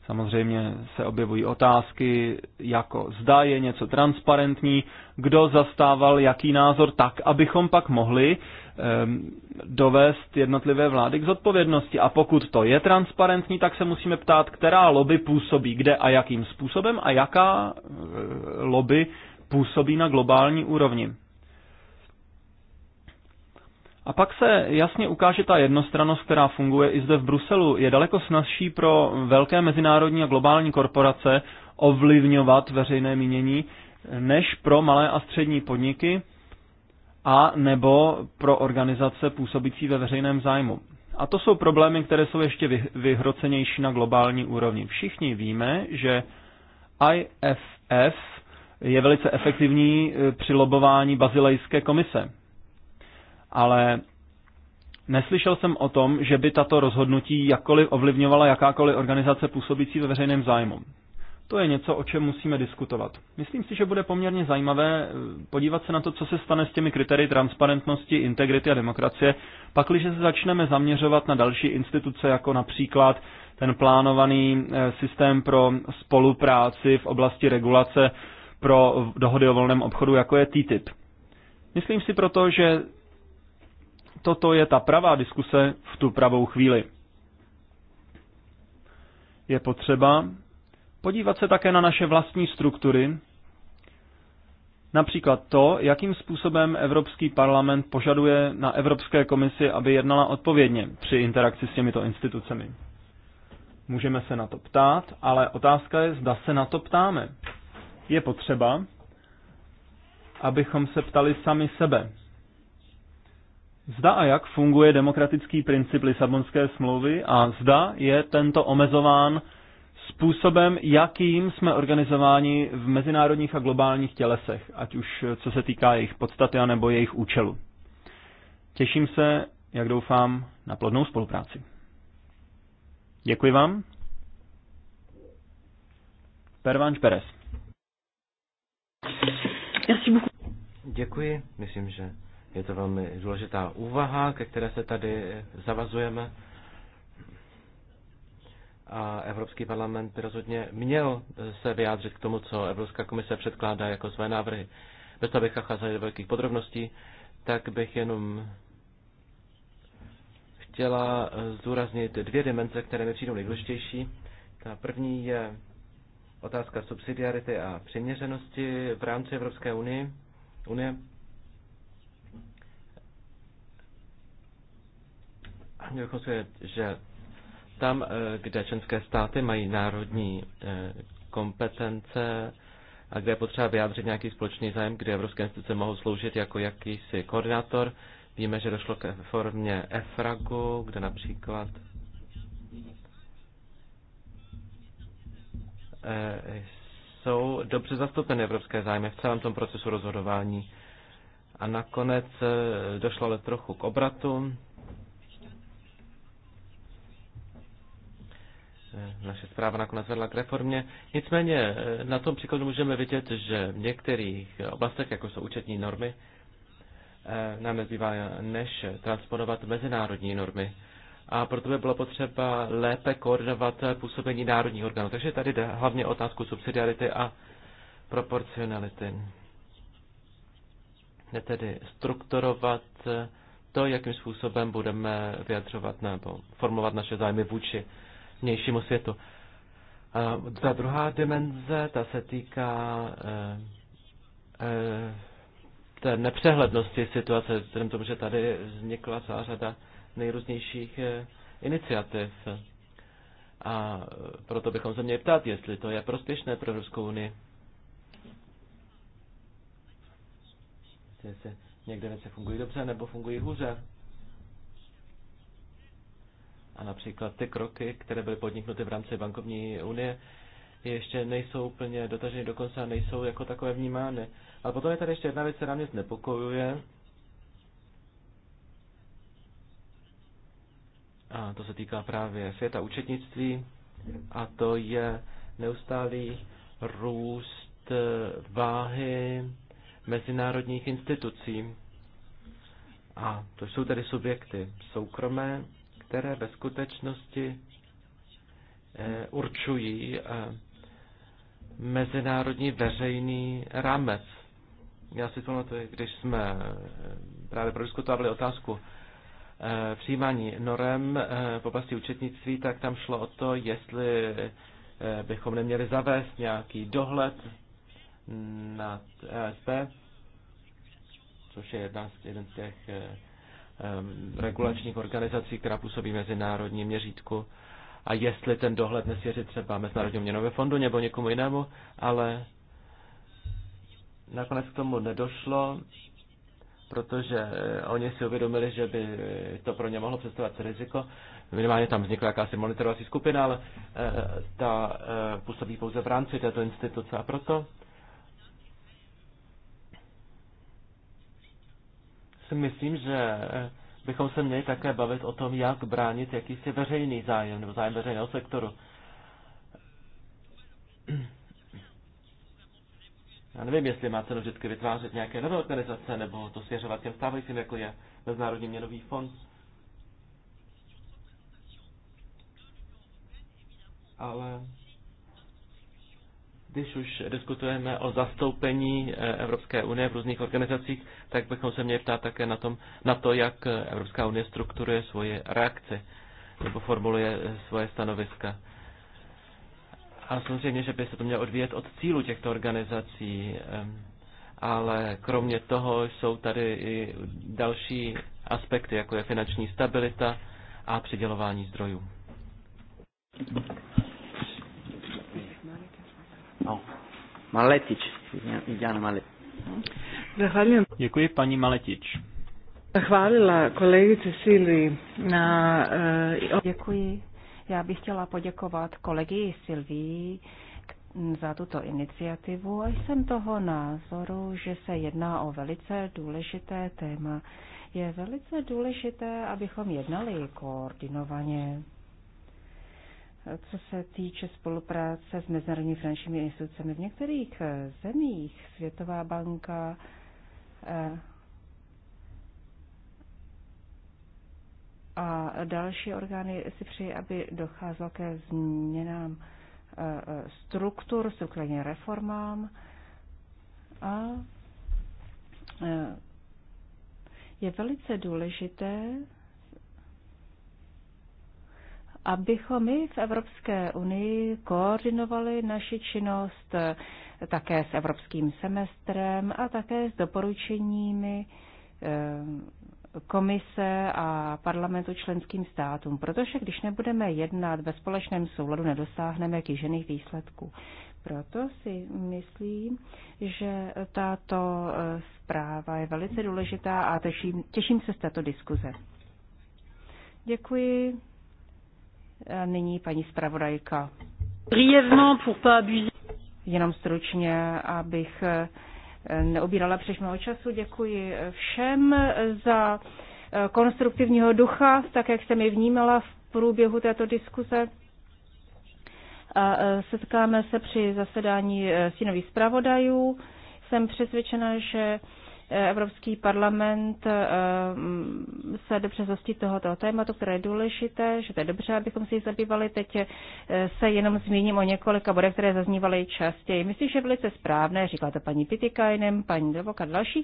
Samozřejmě se objevují otázky, jako zda je něco transparentní, kdo zastával jaký názor, tak, abychom pak mohli um, dovést jednotlivé vlády k zodpovědnosti. A pokud to je transparentní, tak se musíme ptát, která lobby působí kde a jakým způsobem a jaká uh, lobby působí na globální úrovni. A pak se jasně ukáže ta jednostranost, která funguje i zde v Bruselu. Je daleko snazší pro velké mezinárodní a globální korporace ovlivňovat veřejné mínění, než pro malé a střední podniky a nebo pro organizace působící ve veřejném zájmu. A to jsou problémy, které jsou ještě vyhrocenější na globální úrovni. Všichni víme, že IFF je velice efektivní eh, při lobování bazilejské komise. Ale neslyšel jsem o tom, že by tato rozhodnutí jakkoliv ovlivňovala jakákoliv organizace působící ve veřejném zájmu. To je něco, o čem musíme diskutovat. Myslím si, že bude poměrně zajímavé eh, podívat se na to, co se stane s těmi kritérii transparentnosti, integrity a demokracie, pakliže se začneme zaměřovat na další instituce, jako například ten plánovaný eh, systém pro spolupráci v oblasti regulace pro dohody o volném obchodu, jako je TTIP. Myslím si proto, že toto je ta pravá diskuse v tu pravou chvíli. Je potřeba podívat se také na naše vlastní struktury, například to, jakým způsobem Evropský parlament požaduje na Evropské komisi, aby jednala odpovědně při interakci s těmito institucemi. Můžeme se na to ptát, ale otázka je, zda se na to ptáme je potřeba, abychom se ptali sami sebe. Zda a jak funguje demokratický princip Lisabonské smlouvy a zda je tento omezován způsobem, jakým jsme organizováni v mezinárodních a globálních tělesech, ať už co se týká jejich podstaty nebo jejich účelu. Těším se, jak doufám, na plodnou spolupráci. Děkuji vám. Pervanč Perez. Děkuji, myslím, že je to velmi důležitá úvaha, ke které se tady zavazujeme. A Evropský parlament by rozhodně měl se vyjádřit k tomu, co Evropská komise předkládá jako své návrhy. Bez toho bych do velkých podrobností, tak bych jenom chtěla zdůraznit dvě dimenze, které mi přijdou nejdůležitější. Ta první je otázka subsidiarity a přiměřenosti v rámci Evropské unie. unie. Měli bychom svědět, že tam, eh, kde členské státy mají národní eh, kompetence a kde je potřeba vyjádřit nějaký společný zájem, kde evropské instituce mohou sloužit jako jakýsi koordinátor, víme, že došlo k formě EFRAGu, kde například Eh, jsou dobře zastoupeny evropské zájmy v celém tom procesu rozhodování. A nakonec eh, došlo ale trochu k obratu. Eh, naše zpráva nakonec vedla k reformě. Nicméně na tom příkladu můžeme vidět, že v některých oblastech, jako jsou účetní normy, nám nezbývá než transponovat mezinárodní normy a proto by bylo potřeba lépe koordinovat působení národních orgánů. Takže tady jde hlavně otázku subsidiarity a proporcionality. Jde tedy strukturovat to, jakým způsobem budeme vyjadřovat nebo formovat naše zájmy vůči vnějšímu světu. A ta druhá dimenze, ta se týká eh, eh, té nepřehlednosti situace, vzhledem tomu, že tady vznikla celá řada nejrůznějších eh, iniciativ. A eh, proto bychom se měli ptát, jestli to je prospěšné pro Ruskou unii. Jestli někde věci fungují dobře nebo fungují hůře. A například ty kroky, které byly podniknuty v rámci bankovní unie, ještě nejsou úplně dotaženy do konce a nejsou jako takové vnímány. Ale potom je tady ještě jedna věc, která mě znepokojuje, a to se týká právě světa účetnictví, a to je neustálý růst eh, váhy mezinárodních institucí. A to jsou tedy subjekty soukromé, které ve skutečnosti eh, určují eh, mezinárodní veřejný rámec. Já si pamatuju, když jsme právě prodiskutovali otázku Eh, přijímání norem eh, v oblasti účetnictví, tak tam šlo o to, jestli eh, bychom neměli zavést nějaký dohled nad ESP, což je jedna z, jeden z těch regulačních organizací, která působí mezinárodní měřítku a jestli ten dohled nesvěřit třeba Mezinárodnímu měnové fondu nebo někomu jinému, ale nakonec k tomu nedošlo protože eh, oni si uvědomili, že by eh, to pro ně mohlo představovat riziko. Minimálně tam vznikla jakási monitorovací skupina, ale eh, ta působí pouze v rámci této instituce a proto si myslím, že bychom se měli také bavit o tom, jak bránit jakýsi veřejný zájem nebo zájem veřejného sektoru. Já nevím, jestli má cenu vždycky vytvářet nějaké nové organizace, nebo to svěřovat těm stávajícím, jako je Mezinárodní měnový fond. Ale když už diskutujeme o zastoupení eh, Evropské unie v různých organizacích, tak bychom se měli ptát také na, tom, na to, jak eh, Evropská unie strukturuje svoje reakce nebo formuluje eh, svoje stanoviska. A samozřejmě, že by se to mělo odvíjet od cílu těchto organizací, ale kromě toho jsou tady i další aspekty, jako je finanční stabilita a přidělování zdrojů. No. Maletič, Děkuji paní Maletič. Zahvalila kolegice Silvi na... Uh, Děkuji já bych chtěla poděkovat kolegii Silví za tuto iniciativu a jsem toho názoru, že se jedná o velice důležité téma. Je velice důležité, abychom jednali koordinovaně. Co se týče spolupráce s mezinárodními finančními institucemi v některých zemích, Světová banka, eh, a další orgány si přeji, aby docházelo ke změnám eh, eh, struktur, strukturálně reformám a eh, je velice důležité, abychom my v Evropské unii koordinovali naši činnost také s evropským semestrem a také s doporučeními komise a parlamentu členským státům, protože když nebudeme jednat ve společném souladu, nedosáhneme kýžených výsledků. Proto si myslím, že tato e, zpráva je velice důležitá a těším, těším se z této diskuze. Děkuji. A nyní paní zpravodajka. Jenom stručně, abych e, neobírala přeš mnoho času. Děkuji všem za eh, konstruktivního ducha, tak jak jsem je vnímala v průběhu této diskuze. A eh, setkáme se při zasedání eh, stínových zpravodajů. Jsem přesvědčena, že Evropský parlament eh, mm, se dobře zastí tohoto tématu, které je důležité, že to je dobře, abychom si ji zabývali. Teď eh, se jenom zmíním o několika bodech, které zaznívaly častěji. Myslím, že velice správné, říkala to paní Pitikajnem, paní Dovok a další,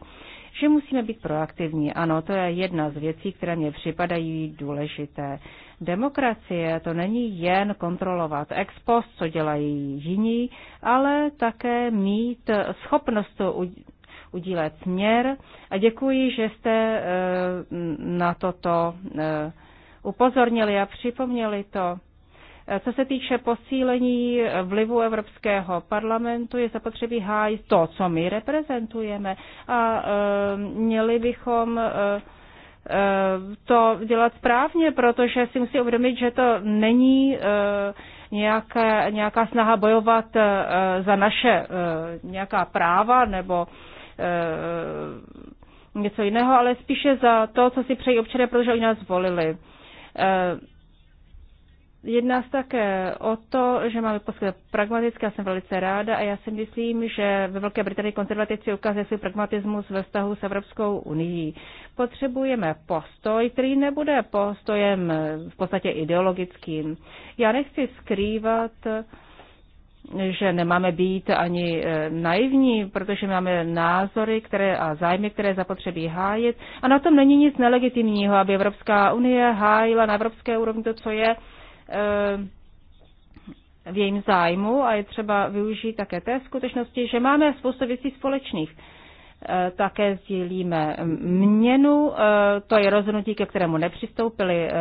že musíme být proaktivní. Ano, to je jedna z věcí, které mě připadají důležité. Demokracie to není jen kontrolovat ex post, co dělají jiní, ale také mít schopnost to udílet směr. A děkuji, že jste eh, na toto eh, upozornili a připomněli to. Eh, co se týče posílení vlivu Evropského parlamentu, je zapotřebí hájit to, co my reprezentujeme a měli bychom to dělat správně, protože si musí uvědomit, že to není nějaká, nějaká snaha bojovat za naše nějaká práva nebo Eh, něco jiného, ale spíše za to, co si přejí občané, protože oni nás volili. Eh, jedná se také o to, že máme poskytovat pragmatické, já jsem velice ráda a já si myslím, že ve Velké Británii konzervativci ukazují svůj pragmatismus ve vztahu s Evropskou unii. Potřebujeme postoj, který nebude postojem v podstatě ideologickým. Já nechci skrývat uh, že nemáme být ani e, naivní, protože máme názory které, a zájmy, které zapotřebí hájit. A na tom není nic nelegitimního, aby Evropská unie hájila na evropské úrovni to, co je e, v jejím zájmu a je třeba využít také té skutečnosti, že máme spoustu věcí společných. E, také sdílíme měnu, to je rozhodnutí, ke kterému nepřistoupili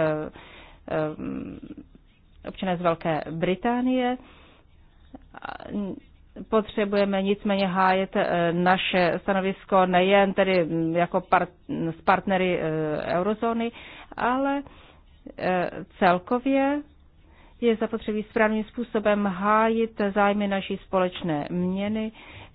občané z Velké Británie potřebujeme nicméně hájet eh, naše stanovisko nejen tedy mm, jako part, s partnery eh, eurozóny, ale eh, celkově je zapotřebí správným způsobem hájit zájmy naší společné měny,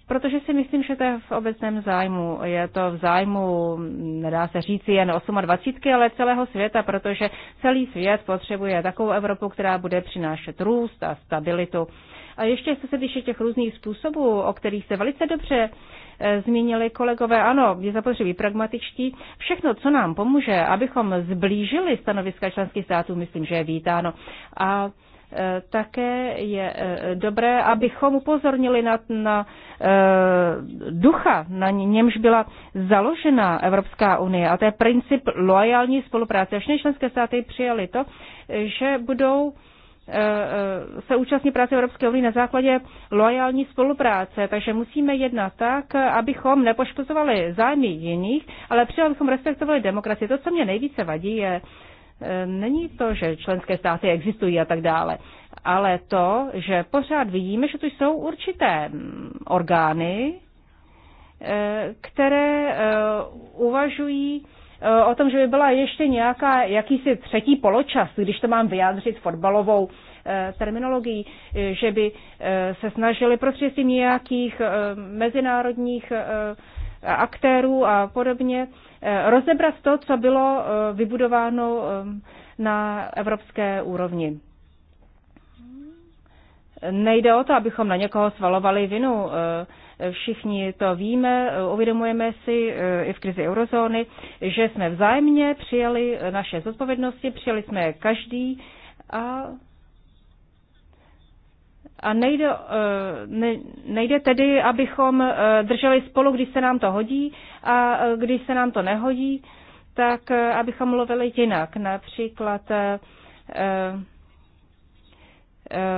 protože si myslím, že to je v obecném zájmu. Je to v zájmu, mm, nedá se říci jen 28, ale celého světa, protože celý svět potřebuje takovou Evropu, která bude přinášet růst a stabilitu a ještě se týče těch různých způsobů, o kterých se velice dobře eh, zmínili kolegové, ano, je zapotřebí pragmatičtí. Všechno, co nám pomůže, abychom zblížili stanoviska členských států, myslím, že je vítáno. A eh, také je eh, dobré, abychom upozornili na, na ducha, na němž byla založena Evropská unie. A to je princip loajální spolupráce. Všechny členské státy přijali to, že budou Eh, eh, se účastní práce Evropské unie na základě loajální spolupráce, takže musíme jednat tak, abychom nepoškozovali zájmy jiných, ale přijal abychom respektovali demokracii. To, co mě nejvíce vadí, je, eh, není to, že členské státy existují a tak dále, ale to, že pořád vidíme, že tu jsou určité mm, orgány, které uvažují Eh, o tom, že by byla ještě nějaká, jakýsi třetí poločas, když to mám vyjádřit fotbalovou eh, terminologií, eh, že by se snažili prostřednictvím nějakých mezinárodních aktérů a podobně rozebrat to, co bylo vybudováno na evropské úrovni. Nejde o to, abychom na někoho svalovali vinu. Všichni to víme, uvědomujeme si e, i v krizi eurozóny, že jsme vzájemně přijali naše zodpovědnosti, přijali jsme každý a a nejde, e, ne, nejde tedy, abychom e, drželi spolu, když se nám to hodí a když se nám to nehodí, tak abychom mluvili jinak. Například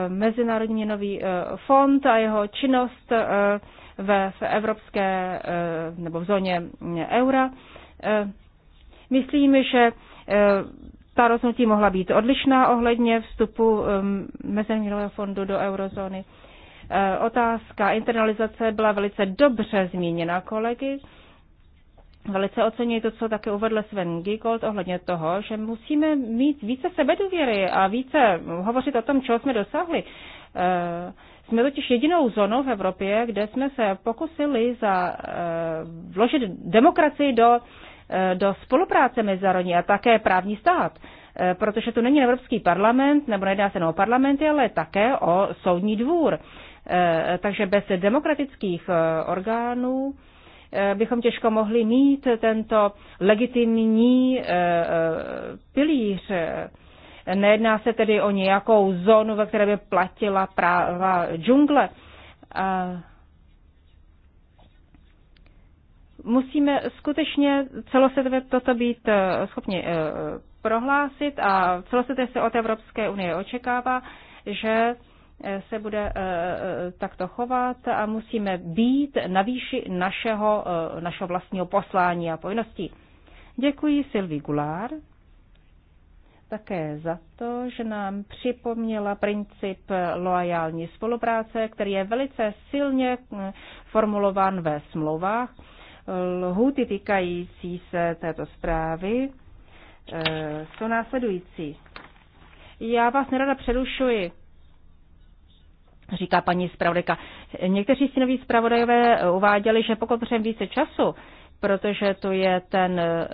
Mezinárodní měnový fond a jeho činnost v, v evropské eh, nebo v zóně eh, eura. Eh, myslím, že ta rozhodnutí mohla být odlišná ohledně vstupu Mezinárodního fondu do eurozóny. Otázka internalizace byla velice dobře zmíněna kolegy. Velice oceňuji to, co také uvedl Sven Giegold ohledně toho, že musíme mít více sebedůvěry a více hovořit o tom, čeho jsme dosáhli. Eh, jsme totiž jedinou zónou v Evropě, kde jsme se pokusili za, eh, vložit demokracii do, eh, do spolupráce mezinárodní a také právní stát. Protože tu není Evropský parlament, nebo nejedná se o parlamenty, ale také o soudní dvůr. Takže bez demokratických orgánů Eh, bychom těžko mohli mít tento legitimní eh, eh, pilíř. Nejedná se tedy o nějakou zónu, ve které by platila práva džungle. Musíme skutečně celosvětově toto být schopni prohlásit a celosvětově se od Evropské unie očekává, že se bude eh, eh, takto chovat a musíme být na výši našeho, eh, našeho vlastního poslání a povinností. Děkuji Silvi Gulár také za to, že nám připomněla princip loajální spolupráce, který je velice silně formulován ve smlouvách. Lhuty týkající se této zprávy jsou následující. Já vás nerada přerušuji říká paní zpravodajka. Někteří stínoví zpravodajové uváděli, že pokud potřebujeme více času, protože to je ten, eh,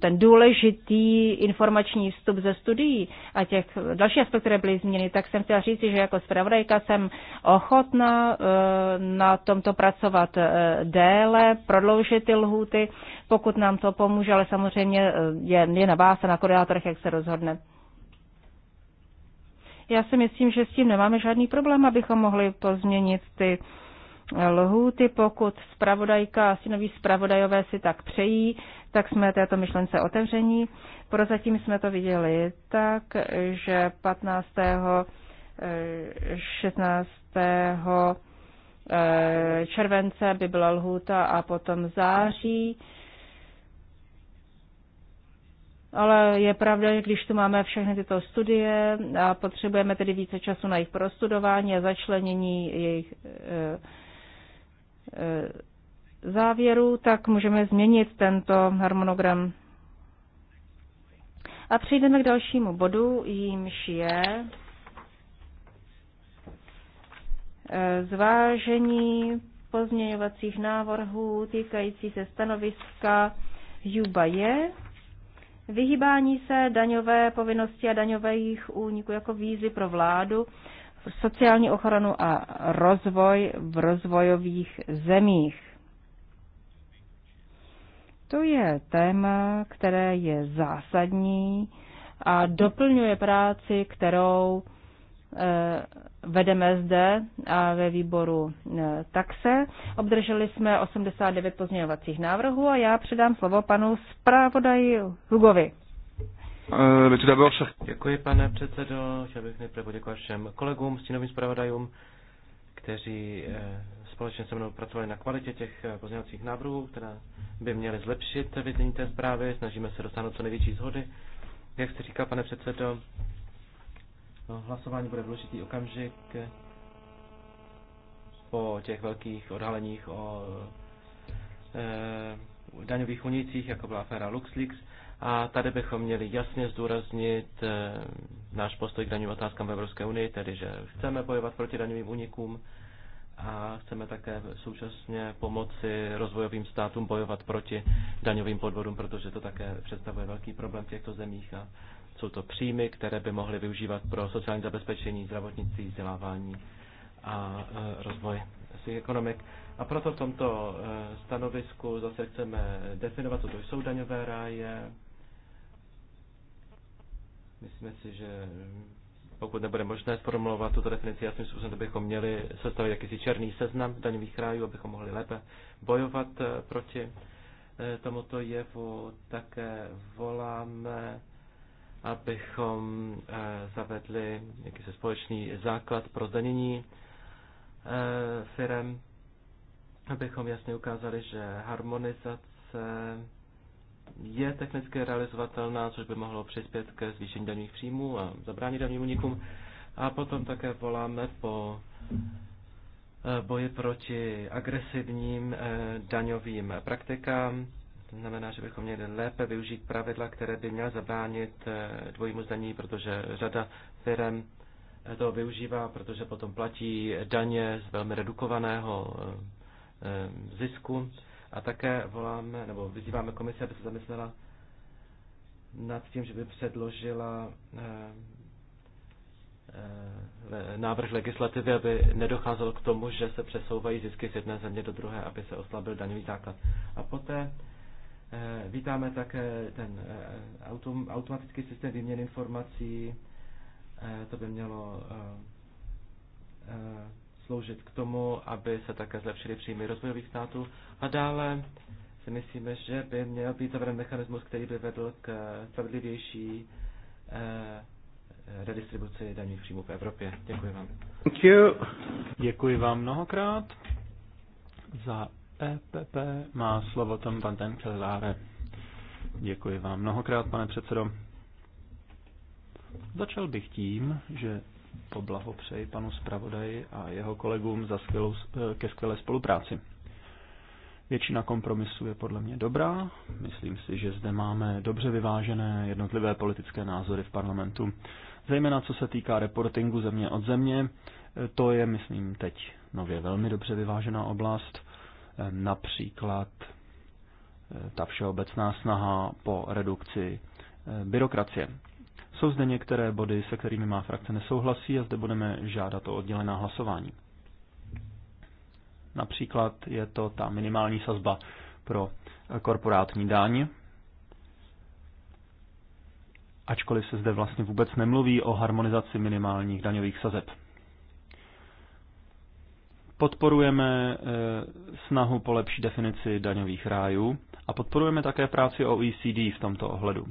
ten důležitý informační vstup ze studií a těch další aspektů, které byly změny, tak jsem chtěla říct, že jako zpravodajka jsem ochotná eh, na tomto pracovat eh, déle, prodloužit ty lhůty, pokud nám to pomůže, ale samozřejmě je, je na vás a na koordinátorech, jak se rozhodne. Já si myslím, že s tím nemáme žádný problém, abychom mohli pozměnit ty eh, lhůty, pokud spravodajka a synoví spravodajové si tak přejí, tak jsme této myšlence otevření. Prozatím jsme to viděli tak, že 15. 16. Eh, eh, července by byla lhůta a potom září ale je pravda, že když tu máme všechny tyto studie a potřebujeme tedy více času na jejich prostudování a začlenění jejich e, e, závěrů, tak můžeme změnit tento harmonogram. A přejdeme k dalšímu bodu, jímž je e, zvážení pozměňovacích návrhů týkající se stanoviska Jubaje Vyhýbání se daňové povinnosti a daňových úniků jako vízy pro vládu, sociální ochranu a rozvoj v rozvojových zemích. To je téma, které je zásadní a doplňuje práci, kterou eh, vedeme zde a ve výboru e, taxe. Obdrželi jsme 89 pozměňovacích návrhů a já předám slovo panu zpravodaji Hugovi. Děkuji, pane předsedo. Chtěl bych nejprve poděkovat všem kolegům, stínovým zpravodajům, kteří e, společně se mnou pracovali na kvalitě těch e, pozměňovacích návrhů, které by měly zlepšit vyznění té zprávy. Snažíme se dosáhnout co největší zhody. Jak jste říkal, pane předsedo, No, hlasování bude důležitý okamžik po těch velkých odhaleních o e, daňových unicích, jako byla aféra LuxLeaks. A tady bychom měli jasně zdůraznit e, náš postoj k daňovým otázkám v Evropské unii, tedy že chceme bojovat proti daňovým unikům a chceme také současně pomoci rozvojovým státům bojovat proti daňovým podvodům, protože to také představuje velký problém v těchto zemích a jsou to příjmy, které by mohly využívat pro sociální zabezpečení, zdravotnictví, vzdělávání a e, rozvoj svých ekonomik. A proto v tomto e, stanovisku zase chceme definovat, co to jsou daňové ráje. Myslíme si, že pokud nebude možné sformulovat tuto definici jasným způsobem, to bychom měli sestavit jakýsi černý seznam daňových rájů, abychom mohli lépe bojovat e, proti tomuto jevu. Také voláme abychom eh, zavedli jakýsi společný základ pro zdanění eh, firem, abychom jasně ukázali, že harmonizace je technicky realizovatelná, což by mohlo přispět ke zvýšení daných příjmů a zabránit daným unikům. A potom také voláme po eh, boji proti agresivním daňovým praktikám znamená, že bychom měli lépe využít pravidla, které by měla zabránit eh, dvojímu zdanění, protože řada firm eh, to využívá, protože potom platí daně z velmi redukovaného eh, zisku. A také voláme, nebo vyzýváme komisi, aby se zamyslela nad tím, že by předložila návrh legislativy, aby nedocházelo k tomu, že se přesouvají zisky z jedné země do druhé, aby se oslabil daňový základ. A poté Eh, vítáme také ten eh, autom, automatický systém výměny informací. Eh, to by mělo sloužit k tomu, aby se také zlepšily příjmy rozvojových států. A dále si myslíme, že by měl být zaveden mechanismus, který by vedl k spravedlivější redistribuci daných příjmů v Evropě. Děkuji vám. Děkuji vám mnohokrát za EPP má slovo Tom van den Kelláre. Děkuji vám mnohokrát, pane předsedo. Začal bych tím, že poblahopřeji panu zpravodaji a jeho kolegům za skvělou, e, ke skvělé spolupráci. Většina kompromisů je podle mě dobrá. Myslím si, že zde máme dobře vyvážené jednotlivé politické názory v parlamentu. Zejména co se týká reportingu země od země, e, to je, myslím, teď nově velmi dobře vyvážená oblast například eh, ta všeobecná snaha po redukci eh, byrokracie. Jsou zde některé body, se kterými má frakce nesouhlasí a zde budeme žádat o oddělená hlasování. Například je to ta minimální sazba pro korporátní daň, ačkoliv se zde vlastně vůbec nemluví o harmonizaci minimálních daňových sazeb. Podporujeme eh, snahu po lepší definici daňových rájů a podporujeme také práci OECD v tomto ohledu.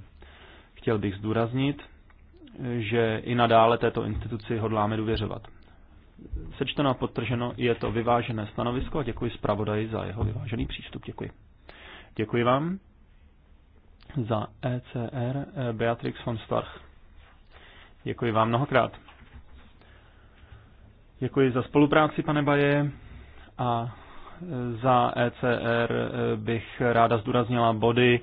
Chtěl bych zdůraznit, eh, že i nadále této instituci hodláme důvěřovat. Sečteno a podtrženo je to vyvážené stanovisko a děkuji zpravodaji za jeho vyvážený přístup. Děkuji. Děkuji vám za ECR eh, Beatrix von Starch. Děkuji vám mnohokrát. Děkuji za spolupráci, pane Baje, a e, za ECR e, bych ráda zdůraznila body,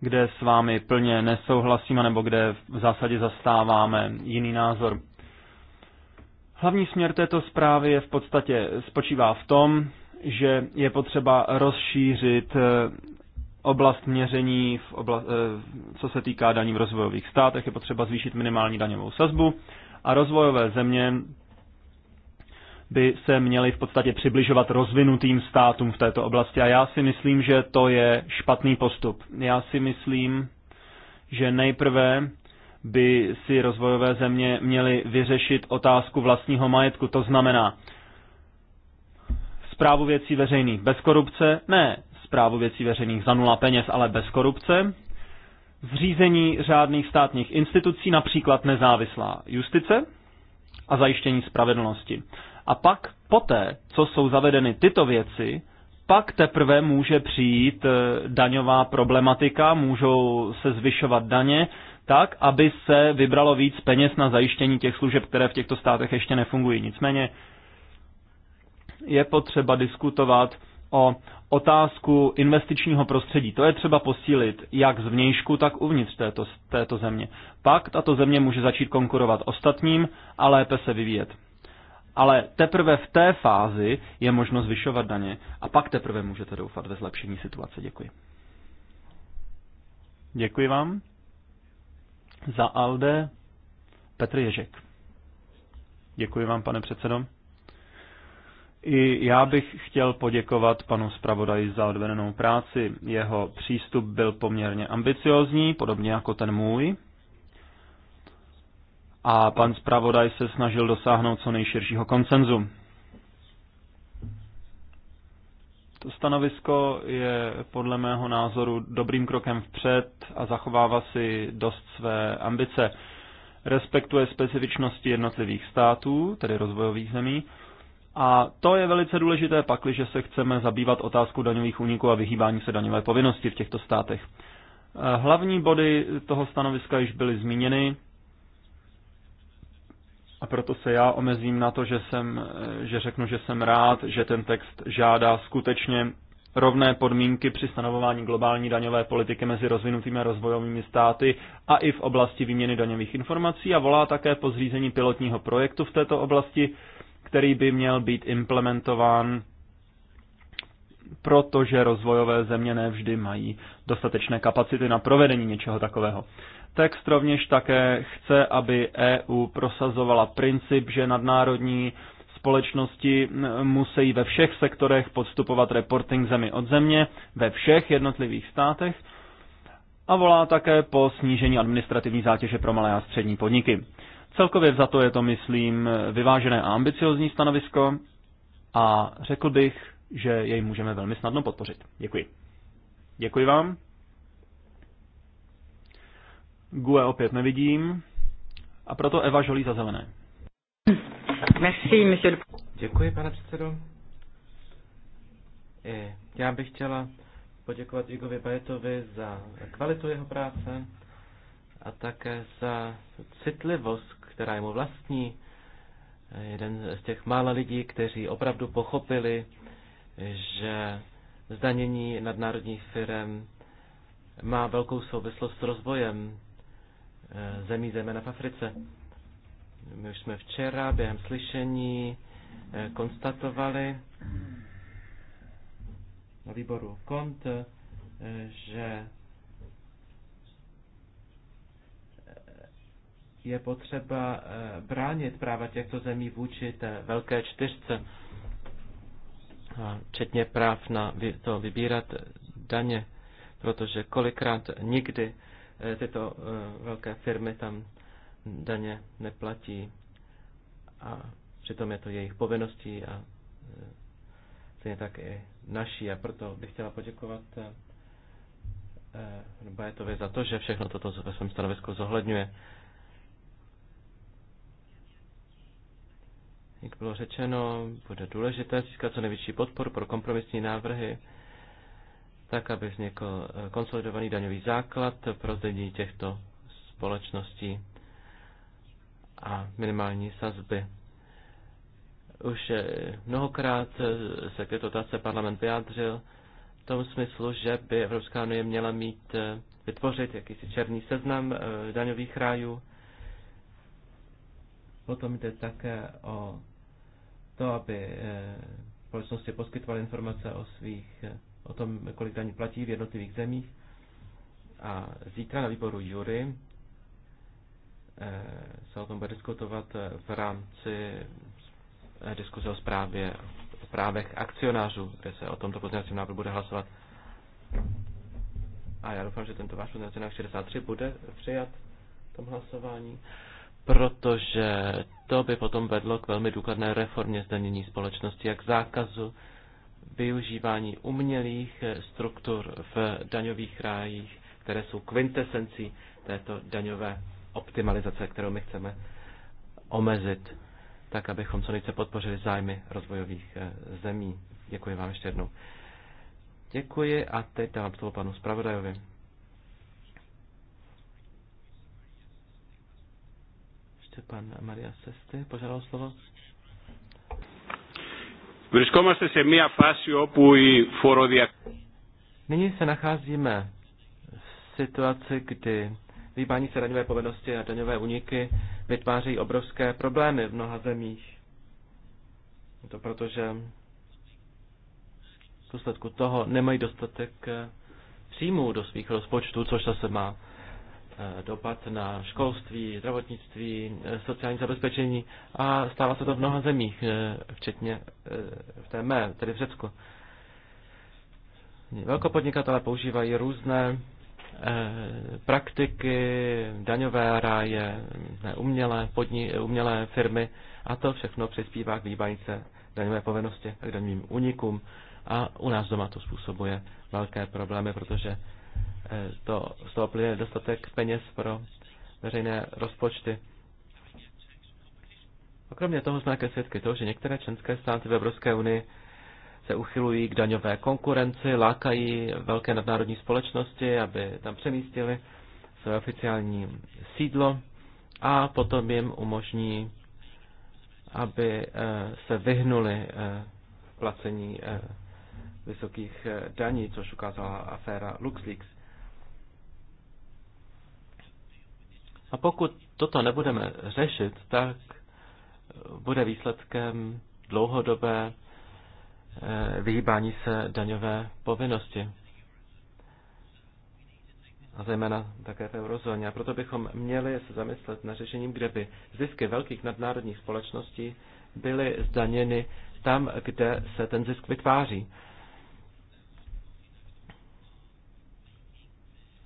kde s vámi plně nesouhlasíme nebo kde v zásadě zastáváme jiný názor. Hlavní směr této zprávy je v podstatě spočívá v tom, že je potřeba rozšířit e, oblast měření, v obla, co se týká daní v rozvojových státech, je potřeba zvýšit minimální daňovou sazbu a rozvojové země by se měly v podstatě přibližovat rozvinutým státům v této oblasti. A já si myslím, že to je špatný postup. Já si myslím, že nejprve by si rozvojové země měly vyřešit otázku vlastního majetku. To znamená zprávu věcí veřejných bez korupce, ne zprávu věcí veřejných za nula peněz, ale bez korupce, zřízení řádných státních institucí, například nezávislá justice a zajištění spravedlnosti. A pak poté, co jsou zavedeny tyto věci, pak teprve může přijít e, daňová problematika, můžou se zvyšovat daně, tak, aby se vybralo víc peněz na zajištění těch služeb, které v těchto státech ještě nefungují. Nicméně je potřeba diskutovat o otázku investičního prostředí. To je třeba posílit jak zvnějšku, tak uvnitř této, této země. Pak tato země může začít konkurovat ostatním a lépe se vyvíjet ale teprve v té fázi je možno zvyšovat daně a pak teprve můžete doufat ve zlepšení situace. Děkuji. Děkuji vám. Za Alde Petr Ježek. Děkuji vám, pane předsedo. I já bych chtěl poděkovat panu zpravodaji za odvedenou práci. Jeho přístup byl poměrně ambiciozní, podobně jako ten můj, a pan zpravodaj se snažil dosáhnout co nejširšího konsenzu. To stanovisko je podle mého názoru dobrým krokem vpřed a zachovává si dost své ambice. Respektuje specifičnosti jednotlivých států, tedy rozvojových zemí, a to je velice důležité pakli, že se chceme zabývat otázkou daňových úniků a vyhýbání se daňové povinnosti v těchto státech. Eh, hlavní body toho stanoviska již byly zmíněny, a proto se já omezím na to, že, jsem, eh, že řeknu, že jsem rád, že ten text žádá skutečně rovné podmínky při stanovování globální daňové politiky mezi rozvinutými a rozvojovými státy a i v oblasti výměny daňových informací a volá také po zřízení pilotního projektu v této oblasti, který by měl být implementován, protože rozvojové země nevždy mají dostatečné kapacity na provedení něčeho takového. Text rovněž také chce, aby EU prosazovala princip, že nadnárodní společnosti musí ve všech sektorech podstupovat reporting zemi od země, ve všech jednotlivých státech a volá také po snížení administrativní zátěže pro malé a střední podniky. Celkově za to je to, myslím, vyvážené a ambiciozní stanovisko a řekl bych, že jej můžeme velmi snadno podpořit. Děkuji. Děkuji vám. GUE opět nevidím. A proto Eva Žolí za zelené. Merci, monsieur. Děkuji, pane předsedo. Já bych chtěla poděkovat Igovi Bajetovi za kvalitu jeho práce a také za citlivost, která je mu vlastní. Jeden z těch mála lidí, kteří opravdu pochopili, že zdanění nadnárodních firm má velkou souvislost s rozvojem Eh, zemí, zejména v Africe. My už jsme včera během slyšení eh, konstatovali na výboru KONT, eh, že je potřeba bránit práva těchto zemí vůči té velké čtyřce, včetně práv na to vybírat daně, protože kolikrát nikdy Eh, tyto eh, velké firmy tam daně neplatí a přitom je to jejich povinností a eh, stejně tak i naší a proto bych chtěla poděkovat Bajetovi za to, že všechno toto ve svém stanovisku zohledňuje. Jak bylo řečeno, bude důležité získat co největší podporu pro kompromisní návrhy, tak aby vznikl eh, konsolidovaný daňový základ pro zdanění těchto společností a minimální sazby. Už eh, mnohokrát eh, se k této otázce parlament vyjádřil v tom smyslu, že by Evropská unie měla mít, vytvořit jakýsi černý seznam daňových rájů. Potom jde také o to, aby společnosti poskytovaly informace o svých o tom, kolik daní platí v jednotlivých zemích. A zítra na výboru jury eh, se o tom bude diskutovat eh, v rámci eh, diskuze o zprávě o právech akcionářů, kde se o tomto pozměňovacím návrhu bude hlasovat. A já doufám, že tento váš pozměňovací návrh 63 bude přijat v tom hlasování, protože to by potom vedlo k velmi důkladné reformě zdanění společnosti, jak zákazu využívání umělých eh, struktur v daňových rájích, které jsou kvintesencí této daňové optimalizace, kterou my chceme omezit, tak abychom co nejce podpořili zájmy rozvojových eh, zemí. Děkuji vám ještě jednou. Děkuji a teď dám slovo panu zpravodajovi. Ještě pan Maria Sesty požádal slovo se mi a fasi opu i forodia. Nyní se nacházíme v situaci, kdy výbání se daňové povinnosti a daňové uniky vytvářejí obrovské problémy v mnoha zemích. Je to že v důsledku toho nemají dostatek eh, příjmů do svých rozpočtů, což se má Eh, dopad na školství, zdravotnictví, eh, sociální zabezpečení a stává se to v mnoha zemích, eh, včetně v té mé, tedy v Řecku. Velkopodnikatelé používají různé praktiky, daňové ráje, umělé, podni, umělé firmy a to všechno přispívá k výbajíce daňové povinnosti a k daňovým unikům. A u nás doma to způsobuje velké problémy, protože Eh, to, z toho plyne dostatek peněz pro veřejné rozpočty. A kromě toho jsme také svědky toho, že některé členské státy v Evropské unii se uchylují k daňové konkurenci, lákají velké nadnárodní společnosti, aby tam přemístili své oficiální sídlo a potom jim umožní, aby eh, se vyhnuli eh, placení vysokých daní, což ukázala aféra LuxLeaks. A pokud toto nebudeme řešit, tak bude výsledkem dlouhodobé eh, vyhýbání se daňové povinnosti. A zejména také v eurozóně. A proto bychom měli se zamyslet na řešením, kde by zisky velkých nadnárodních společností byly zdaněny tam, kde se ten zisk vytváří.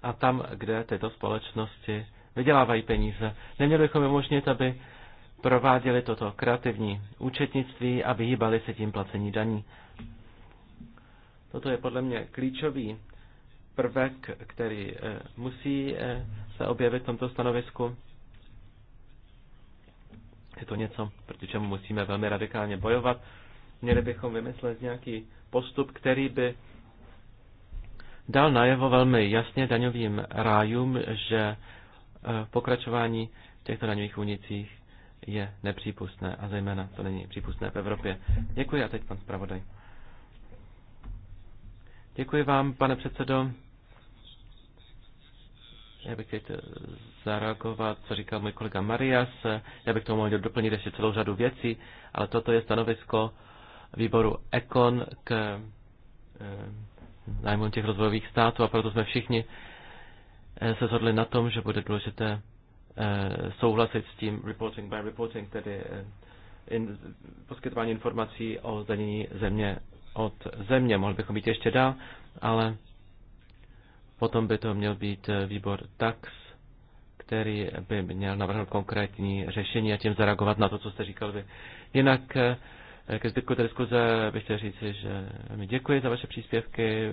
A tam, kde tyto společnosti vydělávají peníze. Neměli bychom je umožnit, aby prováděli toto kreativní účetnictví a vyhýbali se tím placení daní. Toto je podle mě klíčový prvek, který eh, musí eh, se objevit v tomto stanovisku. Je to něco, proti čemu musíme velmi radikálně bojovat. Měli bychom vymyslet nějaký postup, který by dal najevo velmi jasně daňovým rájům, že Eh, pokračování v těchto daňových únicích je nepřípustné a zejména to není přípustné v Evropě. Děkuji a teď pan zpravodaj. Děkuji vám, pane předsedo. Já bych chtěl zareagovat, co říkal můj kolega Marias. Já bych tomu mohl doplnit ještě celou řadu věcí, ale toto je stanovisko výboru ECON k eh, nájmu těch rozvojových států a proto jsme všichni Eh, se shodli na tom, že bude důležité eh, souhlasit s tím reporting by reporting, tedy eh, in, poskytování informací o zdanění země od země. Mohli bychom být ještě dál, ale potom by to měl být výbor tax, který by měl navrhnout konkrétní řešení a tím zareagovat na to, co jste říkal vy. Jinak ke zbytku té diskuze bych chtěl říci, že mi děkuji za vaše příspěvky.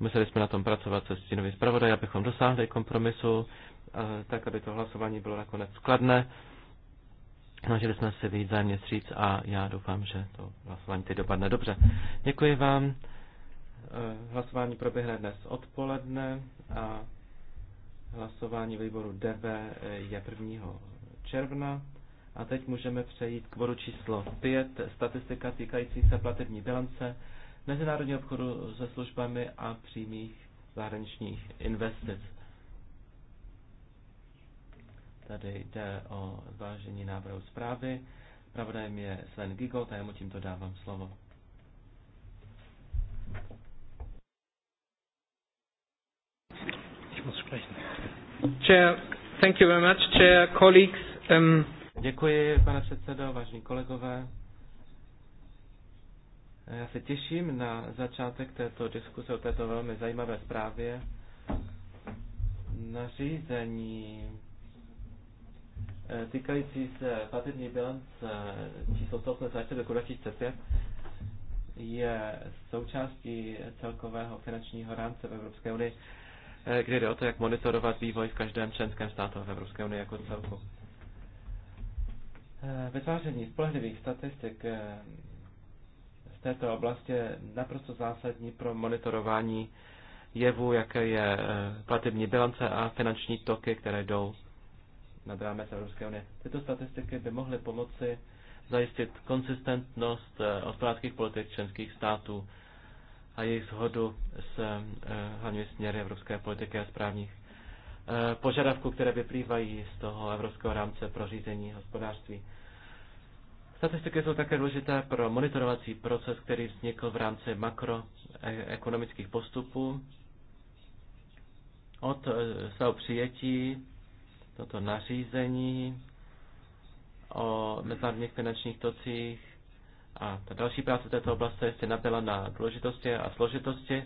Museli jsme na tom pracovat se stínovým zpravodajem, abychom dosáhli kompromisu, eh, tak aby to hlasování bylo nakonec skladné. Snažili jsme se vyjít zájemně stříc a já doufám, že to hlasování teď dopadne dobře. Děkuji vám. Eh, hlasování proběhne dnes odpoledne a hlasování výboru DV eh, je 1. června. A teď můžeme přejít k bodu číslo 5, statistika týkající se platební bilance mezinárodního obchodu se službami a přímých zahraničních investic. Tady jde o zvážení návrhu zprávy. Pravodajem je Sven Gigot a já mu tímto dávám slovo. Chair, thank you very much, chair, colleagues. Um... Děkuji, pane předsedo, vážení kolegové. Já se těším na začátek této diskuse o této velmi zajímavé zprávě. Nařízení eh, týkající se platební bilance číslo 184 roku 2005 je součástí celkového finančního rámce v Evropské unii, eh, kde jde o to, jak monitorovat vývoj v každém členském státu v Evropské unii jako celku. Eh, vytváření spolehlivých statistik této oblasti je naprosto zásadní pro monitorování jevu, jaké je eh, platební bilance a finanční toky, které jdou na rámec Evropské unie. Tyto statistiky by mohly pomoci zajistit konsistentnost eh, hospodářských politik členských států a jejich shodu s eh, hlavními směry evropské politiky a správních požadavků, které vyplývají z toho evropského rámce pro řízení hospodářství. Statistiky jsou také důležité pro monitorovací proces, který vznikl v rámci makroekonomických postupů. Od eh, svého přijetí toto nařízení o mezinárodních finančních tocích a ta další práce této oblasti ještě nabyla na důležitosti a složitosti.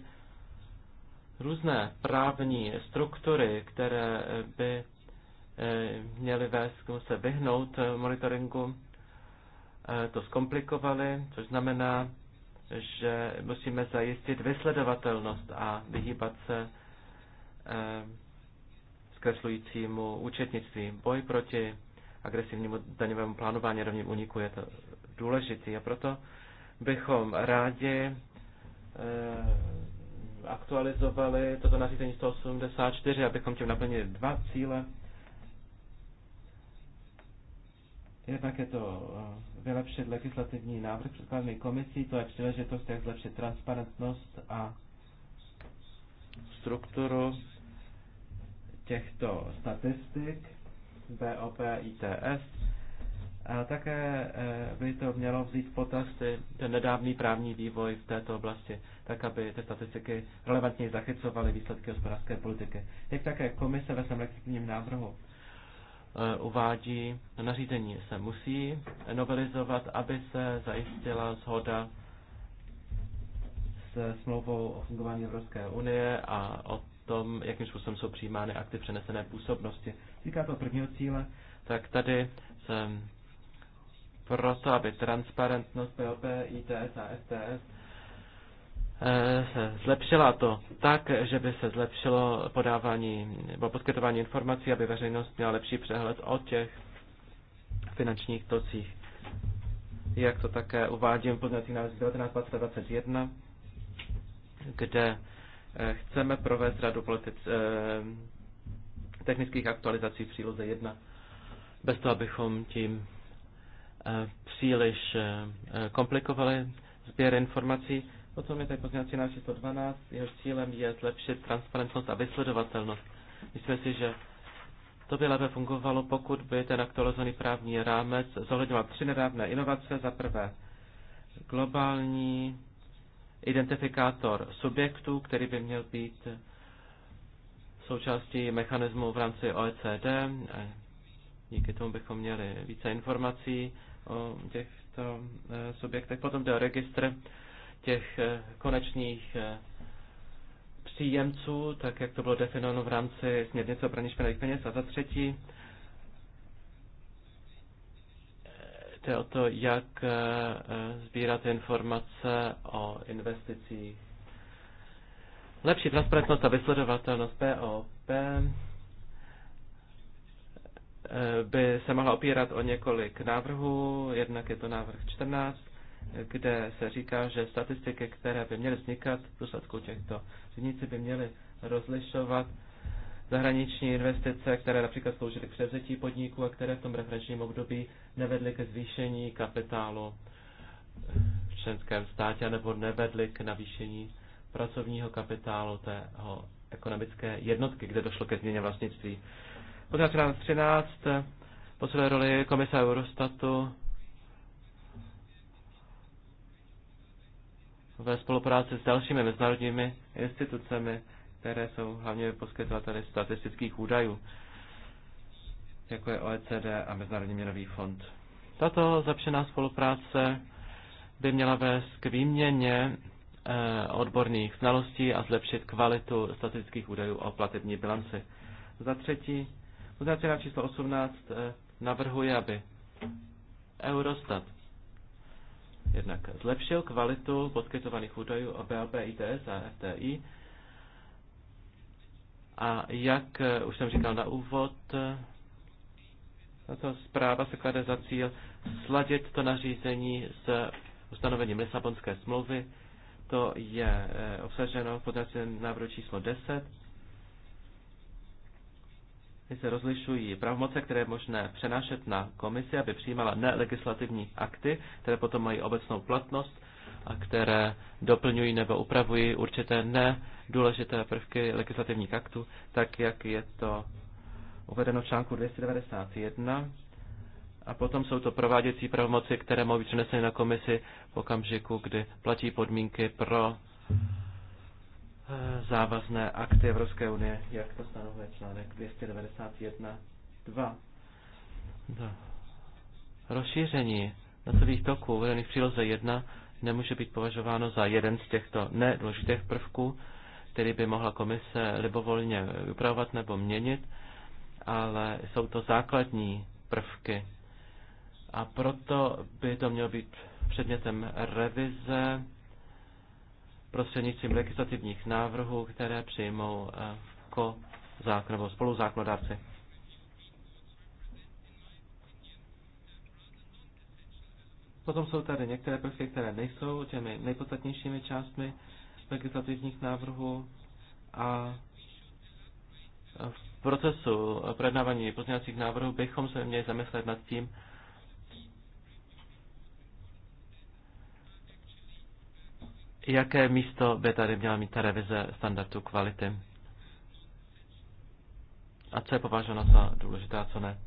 Různé právní struktury, které by eh, měly vést se vyhnout monitoringu, to zkomplikovali, což znamená, že musíme zajistit vysledovatelnost a vyhýbat se eh, zkreslujícímu účetnictví. Boj proti agresivnímu daňovému plánování a rovním úniku je to důležitý a proto bychom rádi eh, aktualizovali toto nařízení 184, abychom tím naplnili dva cíle. Jednak je to eh, vylepšit legislativní návrh předkládaný komisí, to je příležitost, jak zlepšit transparentnost a strukturu těchto statistik BOP ITS. A také eh, by to mělo vzít potaz ten nedávný právní vývoj v této oblasti, tak aby ty statistiky relevantně zachycovaly výsledky hospodářské politiky. Jak také komise ve svém legislativním návrhu E, uvádí, nařízení se musí novelizovat, aby se zajistila zhoda se smlouvou o fungování Evropské unie a o tom, jakým způsobem jsou přijímány akty přenesené působnosti. Týká to prvního cíle, tak tady jsem proto, aby transparentnost POP, ITS a STS Eh, zlepšila to tak, že by se zlepšilo podávání nebo poskytování informací, aby veřejnost měla lepší přehled o těch finančních tocích. Jak to také uvádím v podněcí návrh 1921, kde eh, chceme provést radu politic, eh, technických aktualizací v příloze 1, bez toho, abychom tím eh, příliš eh, komplikovali sběr informací Potom je tady pozměňovací návrh číslo 12, jehož cílem je zlepšit transparentnost a vysledovatelnost. Myslím si, že to by lépe fungovalo, pokud by ten aktualizovaný právní rámec zohledňoval tři nedávné inovace. Za prvé globální identifikátor subjektů, který by měl být součástí mechanismu v rámci OECD. Díky tomu bychom měli více informací o těchto eh, subjektech. Potom jde o registr těch eh, konečných eh, příjemců, tak jak to bylo definováno v rámci směrnice o praní špinavých peněz. A za třetí, eh, je o to, jak sbírat informace o investicích. Lepší transparentnost a vysledovatelnost POP by se mohla opírat o několik návrhů. Jednak je to návrh 14, kde se říká, že statistiky, které by měly vznikat v důsledku těchto řídnici, by měly rozlišovat zahraniční investice, které například sloužily k převzetí podniků a které v tom referenčním období nevedly ke zvýšení kapitálu v členském státě nebo nevedly k navýšení pracovního kapitálu tého ekonomické jednotky, kde došlo ke změně vlastnictví. Pořád 13. Posiluje roli komise Eurostatu ve spolupráci s dalšími mezinárodními institucemi, které jsou hlavně poskytovateli statistických údajů, jako je OECD a Mezinárodní měnový fond. Tato zlepšená spolupráce by měla vést k výměně eh, odborných znalostí a zlepšit kvalitu statistických údajů o platební bilanci. Za třetí, uznávací číslo 18 eh, navrhuje, aby Eurostat jednak zlepšil kvalitu poskytovaných údajů o BLP ITS a FTI. A jak eh, už jsem říkal na úvod, eh, tato zpráva se klade za cíl sladit to nařízení s ustanovením Lisabonské smlouvy. To je eh, obsaženo v podstatě návrhu číslo 10 ty vlastně se rozlišují pravomoce, které je možné přenášet na komisi, aby přijímala nelegislativní akty, které potom mají obecnou platnost a které doplňují nebo upravují určité nedůležité prvky legislativních aktů, tak jak je to uvedeno v článku 291. A potom jsou to prováděcí pravomoci, které mohou být přeneseny na komisi v okamžiku, kdy platí podmínky pro závazné akty Evropské unie, jak to stanovuje článek 291 2. Do. Rozšíření datových toků uvedených v příloze 1 nemůže být považováno za jeden z těchto nedůležitých prvků, který by mohla komise libovolně upravovat nebo měnit, ale jsou to základní prvky. A proto by to mělo být předmětem revize prostřednictvím legislativních návrhů, které přijmou eh, ko zákon nebo spoluzákonodárci. Potom jsou tady některé prvky, které nejsou těmi nejpodstatnějšími částmi legislativních návrhů a v procesu projednávání pozměňovacích návrhů bychom se měli zamyslet nad tím, jaké místo by tady měla mít ta revize standardu kvality? A co je považováno za důležité a co ne?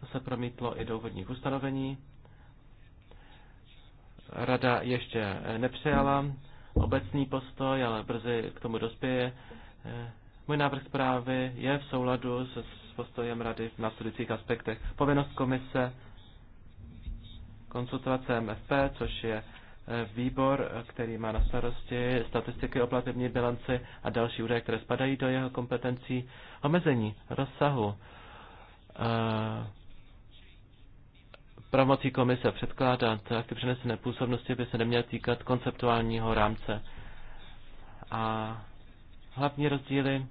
To se promítlo i do úvodních ustanovení. Rada ještě nepřijala obecný postoj, ale brzy k tomu dospěje. Můj návrh zprávy je v souladu s postojem rady v následujících aspektech. Povinnost komise konsultovat MFP, což je eh, výbor, eh, který má na starosti statistiky o platební bilanci a další údaje, které spadají do jeho kompetencí, omezení rozsahu eh, pravomocí komise předkládat akty přenesené působnosti by se neměl týkat konceptuálního rámce. A hlavní rozdíly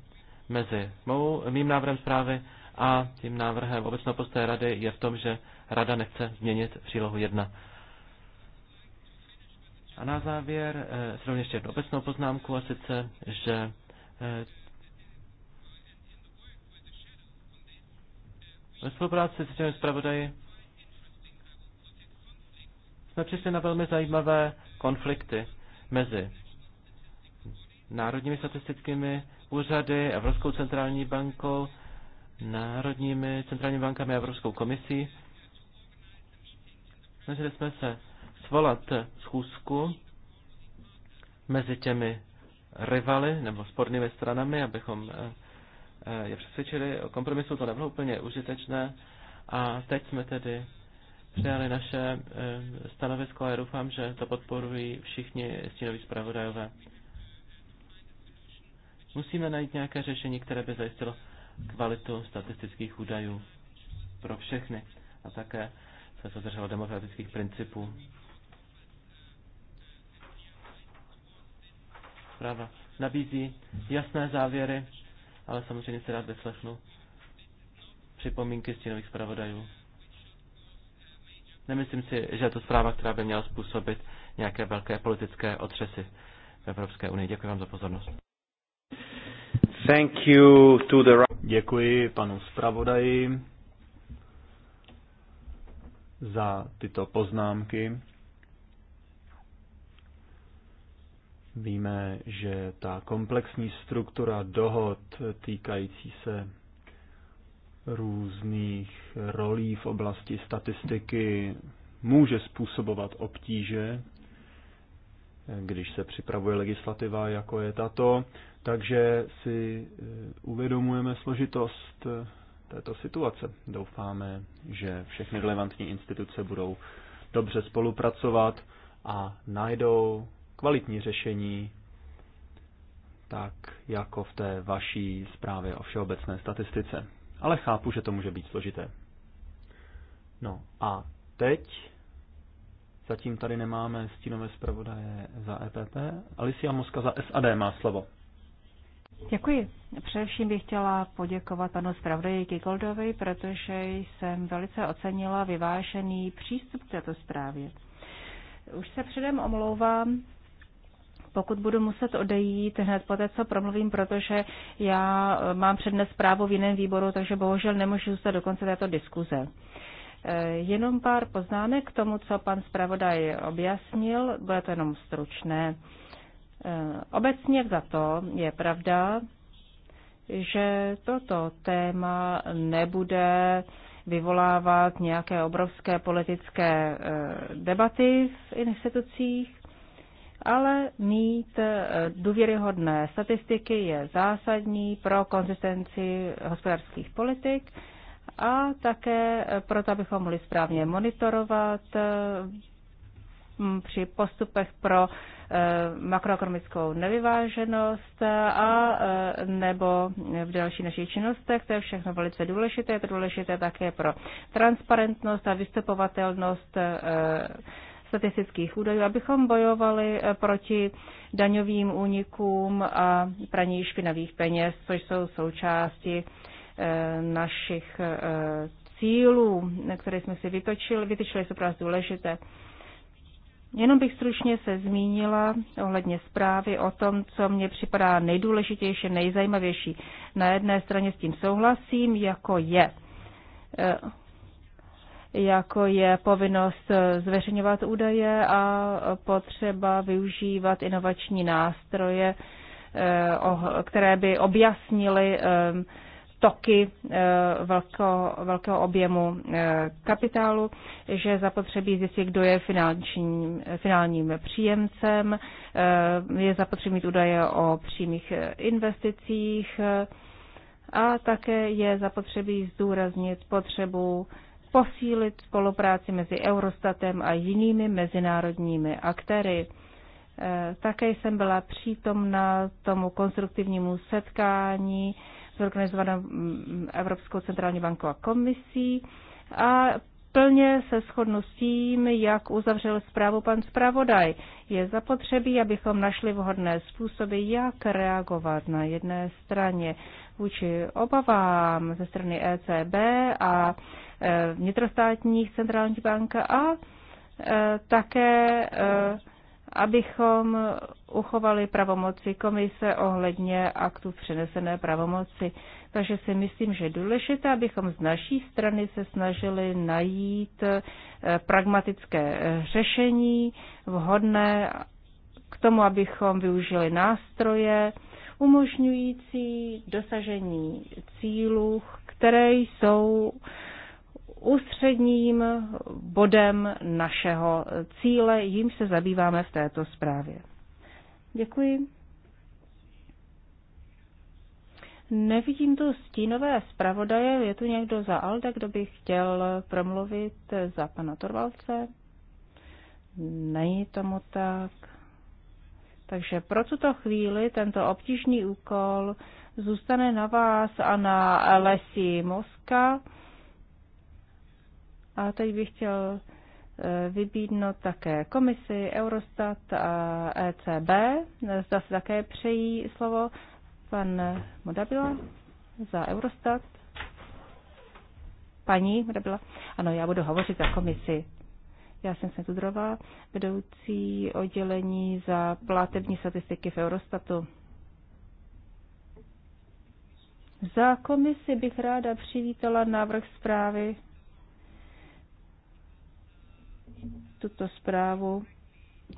mezi mou, mým návrhem zprávy a tím návrhem obecného postoje rady je v tom, že rada nechce změnit přílohu 1. A na závěr eh, si rovněž ještě jednu obecnou poznámku, a sice, že eh, ve spolupráci s těmi zpravodaji jsme přišli na velmi zajímavé konflikty mezi národními statistickými úřady, Evropskou centrální bankou, národními centrálními bankami a Evropskou komisí. Snažili jsme se svolat schůzku mezi těmi rivaly nebo spornými stranami, abychom eh, eh, je přesvědčili o kompromisu. To nebylo úplně užitečné. A teď jsme tedy přijali naše eh, stanovisko a já doufám, že to podporují všichni stínoví zpravodajové. Musíme najít nějaké řešení, které by zajistilo kvalitu statistických údajů pro všechny a také se zadrželo demokratických principů. Zpráva nabízí jasné závěry, ale samozřejmě se rád vyslechnu připomínky stínových zpravodajů. Nemyslím si, že je to zpráva, která by měla způsobit nějaké velké politické otřesy v Evropské unii. Děkuji vám za pozornost. Thank you to the... Děkuji panu zpravodaji za tyto poznámky. Víme, že ta komplexní struktura dohod týkající se různých rolí v oblasti statistiky může způsobovat obtíže, když se připravuje legislativa, jako je tato. Takže si eh, uvědomujeme složitost této situace. Doufáme, že všechny relevantní instituce budou dobře spolupracovat a najdou kvalitní řešení, tak jako v té vaší zprávě o všeobecné statistice. Ale chápu, že to může být složité. No a teď zatím tady nemáme stínové zpravodaje za EPP. Alicia Moska za SAD má slovo. Děkuji. Především bych chtěla poděkovat panu zpravodaji Kikoldovi, protože jsem velice ocenila vyvážený přístup k této zprávě. Už se předem omlouvám, pokud budu muset odejít hned po té, co promluvím, protože já eh, mám přednes zprávu v jiném výboru, takže bohužel nemůžu zůstat do konce této diskuze. Eh, jenom pár poznámek k tomu, co pan zpravodaj objasnil, bude to jenom stručné. Eh, obecně za to je pravda, že toto téma nebude vyvolávat nějaké obrovské politické eh, debaty v institucích, ale mít eh, důvěryhodné statistiky je zásadní pro konzistenci hospodářských politik a také proto, abychom mohli správně monitorovat při postupech pro e, makroekonomickou nevyváženost a e, nebo v dalších našich činnostech. To je všechno velice důležité. Je to důležité také pro transparentnost a vystupovatelnost e, statistických údajů, abychom bojovali proti daňovým únikům a praní špinavých peněz, což jsou součásti našich cílů, které jsme si vytočili, vytyčili, jsou pro nás důležité. Jenom bych stručně se zmínila ohledně zprávy o tom, co mně připadá nejdůležitější, nejzajímavější. Na jedné straně s tím souhlasím, jako je eh, jako je povinnost zveřejňovat údaje a potřeba využívat inovační nástroje, eh, které by objasnily eh, toky eh, velkého, velkého objemu eh, kapitálu, že zapotřebí zjistit, kdo je finančním, finálním příjemcem, eh, je zapotřebí mít údaje o přímých investicích a také je zapotřebí zdůraznit potřebu posílit spolupráci mezi Eurostatem a jinými mezinárodními aktéry. Také jsem byla přítomna tomu konstruktivnímu setkání zorganizovanou mm, Evropskou centrální bankou a komisí. A plně se shodnu s tím, jak uzavřel zprávu pan zpravodaj. Je zapotřebí, abychom našli vhodné způsoby, jak reagovat na jedné straně vůči obavám ze strany ECB a e, vnitrostátních centrálních bank a e, také e, abychom uchovali pravomoci komise ohledně aktu přenesené pravomoci. Takže si myslím, že je důležité, abychom z naší strany se snažili najít eh, pragmatické eh, řešení vhodné k tomu, abychom využili nástroje umožňující dosažení cílů, které jsou ústředním bodem našeho cíle, jim se zabýváme v této zprávě. Děkuji. Nevidím tu stínové zpravodaje. Je tu někdo za Alde, kdo by chtěl promluvit za pana Torvalce? Není tomu tak. Takže pro tuto chvíli tento obtížný úkol zůstane na vás a na Lesi Moska a teď bych chtěl eh, vybídnout také komisi, Eurostat a ECB. Zda se také přejí slovo pan Modabila za Eurostat. Paní Modabila. Ano, já budu hovořit za komisi. Já jsem Sentudrová, vedoucí oddělení za platební statistiky v Eurostatu. Za komisi bych ráda přivítala návrh zprávy tuto zprávu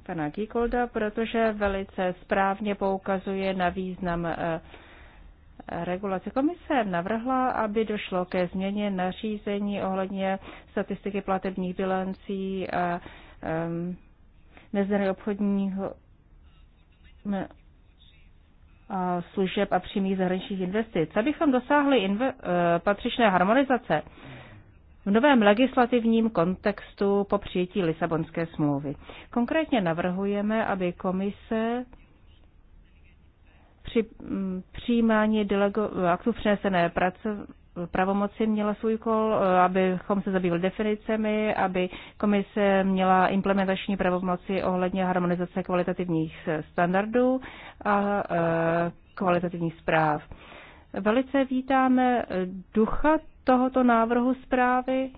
pana Gikolda, protože velice správně poukazuje na význam eh, regulace. Komise navrhla, aby došlo ke změně nařízení ohledně statistiky platebních bilancí a mezery obchodního a služeb a přímých zahraničních investic. Abychom dosáhli inve, eh, patřičné harmonizace, v novém legislativním kontextu po přijetí Lisabonské smlouvy. Konkrétně navrhujeme, aby komise při mm, přijímání aktů přenesené práce pravomoci měla svůj kol, e, abychom se zabývali definicemi, aby komise měla implementační pravomoci ohledně harmonizace kvalitativních standardů a e, kvalitativních zpráv. Velice vítáme ducha tohoto návrhu zprávy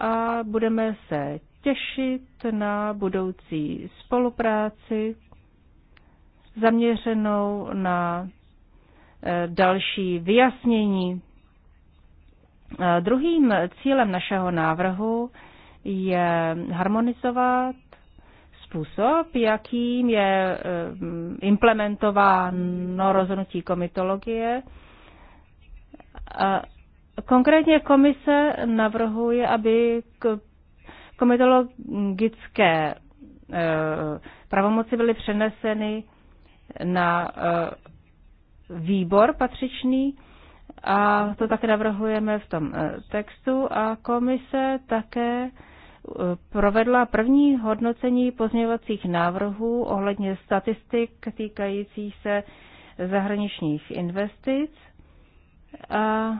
a budeme se těšit na budoucí spolupráci zaměřenou na eh, další vyjasnění. Eh, druhým cílem našeho návrhu je harmonizovat způsob, jakým je eh, implementováno rozhodnutí komitologie Konkrétně komise navrhuje, aby k komitologické eh, pravomoci byly přeneseny na eh, výbor patřičný a to také navrhujeme v tom eh, textu a komise také provedla první hodnocení pozměňovacích návrhů ohledně statistik týkajících se zahraničních investic a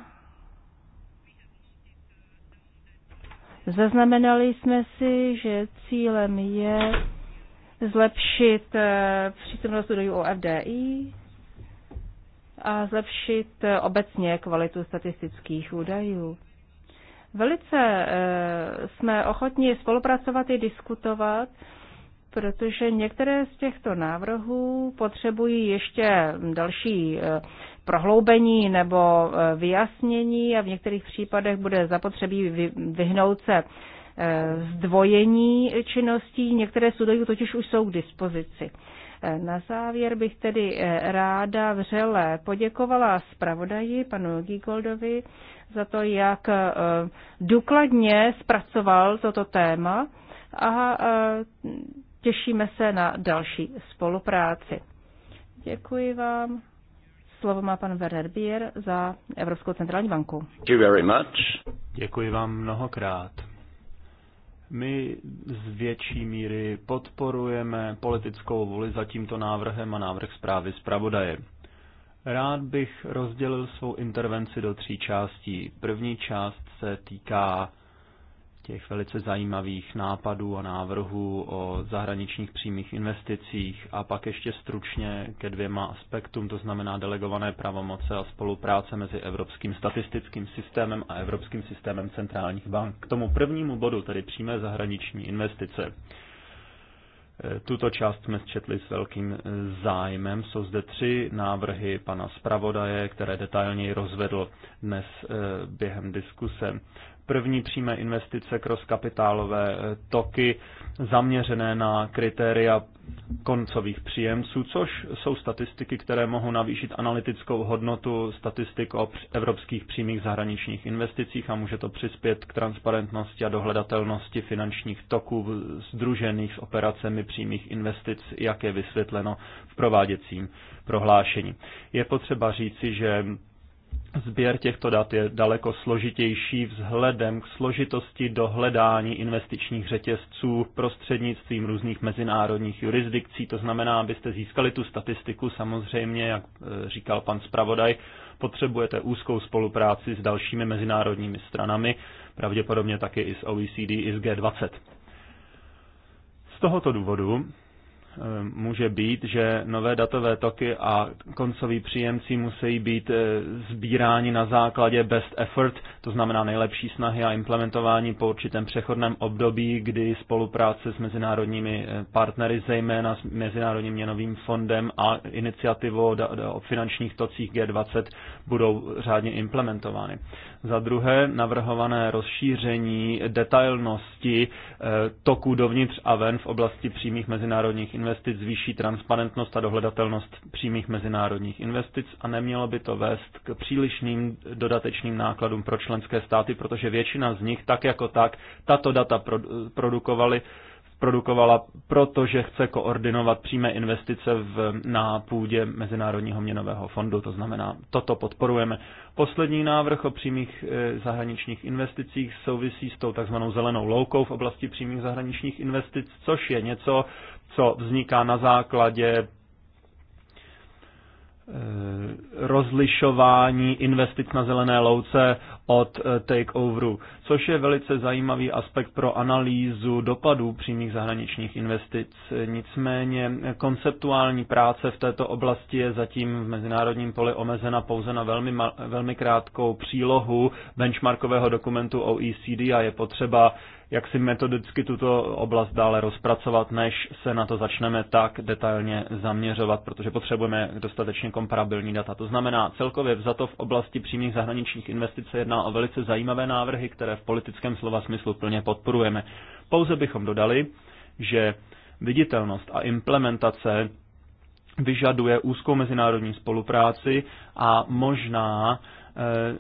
Zaznamenali jsme si, že cílem je zlepšit eh, přítomnost údajů o FDI a zlepšit eh, obecně kvalitu statistických údajů. Velice eh, jsme ochotni spolupracovat i diskutovat protože některé z těchto návrhů potřebují ještě další eh, prohloubení nebo eh, vyjasnění a v některých případech bude zapotřebí vyhnout se eh, zdvojení činností. Některé z totiž už jsou k dispozici. Na závěr bych tedy ráda vřele poděkovala zpravodaji panu Gigoldovi za to, jak důkladně zpracoval toto téma a Těšíme se na další spolupráci. Děkuji vám. Slovo má pan Werner Bier za Evropskou centrální banku. Děkuji vám mnohokrát. My z větší míry podporujeme politickou vůli za tímto návrhem a návrh zprávy zpravodaje. Rád bych rozdělil svou intervenci do tří částí. První část se týká těch velice zajímavých nápadů a návrhů o zahraničních přímých investicích a pak ještě stručně ke dvěma aspektům, to znamená delegované pravomoce a spolupráce mezi Evropským statistickým systémem a Evropským systémem centrálních bank. K tomu prvnímu bodu, tedy přímé zahraniční investice. Tuto část jsme četli s velkým zájmem. Jsou zde tři návrhy pana zpravodaje, které detailněji rozvedl dnes eh, během diskuse. První přímé investice kroz kapitálové eh, toky zaměřené na kritéria koncových příjemců, což jsou statistiky, které mohou navýšit analytickou hodnotu statistik o evropských přímých zahraničních investicích a může to přispět k transparentnosti a dohledatelnosti finančních toků združených s operacemi přímých investic, jak je vysvětleno v prováděcím prohlášení. Je potřeba říci, že Sběr těchto dat je daleko složitější vzhledem k složitosti dohledání investičních řetězců prostřednictvím různých mezinárodních jurisdikcí. To znamená, abyste získali tu statistiku, samozřejmě, jak e, říkal pan zpravodaj, potřebujete úzkou spolupráci s dalšími mezinárodními stranami, pravděpodobně taky i s OECD, i s G20. Z tohoto důvodu Eh, může být, že nové datové toky a koncoví příjemci musí být eh, sbíráni na základě best effort, to znamená nejlepší snahy a implementování po určitém přechodném období, kdy spolupráce s mezinárodními eh, partnery, zejména s Mezinárodním měnovým fondem a iniciativou o finančních tocích G20 budou řádně implementovány. Za druhé, navrhované rozšíření detailnosti eh, toku dovnitř a ven v oblasti přímých mezinárodních investic zvýší transparentnost a dohledatelnost přímých mezinárodních investic a nemělo by to vést k přílišným dodatečným nákladům pro členské státy, protože většina z nich tak jako tak tato data produkovaly produkovala, protože chce koordinovat přímé investice v, na půdě Mezinárodního měnového fondu, to znamená, toto podporujeme. Poslední návrh o přímých e, zahraničních investicích souvisí s tou takzvanou zelenou loukou v oblasti přímých zahraničních investic, což je něco, co vzniká na základě Eh, rozlišování investic na zelené louce od eh, takeoveru, což je velice zajímavý aspekt pro analýzu dopadů přímých zahraničních investic. Nicméně eh, konceptuální práce v této oblasti je zatím v mezinárodním poli omezena pouze na velmi, velmi krátkou přílohu benchmarkového dokumentu OECD a je potřeba jak si metodicky tuto oblast dále rozpracovat, než se na to začneme tak detailně zaměřovat, protože potřebujeme dostatečně komparabilní data. To znamená, celkově vzato v oblasti přímých zahraničních investic se jedná o velice zajímavé návrhy, které v politickém slova smyslu plně podporujeme. Pouze bychom dodali, že viditelnost a implementace vyžaduje úzkou mezinárodní spolupráci a možná eh,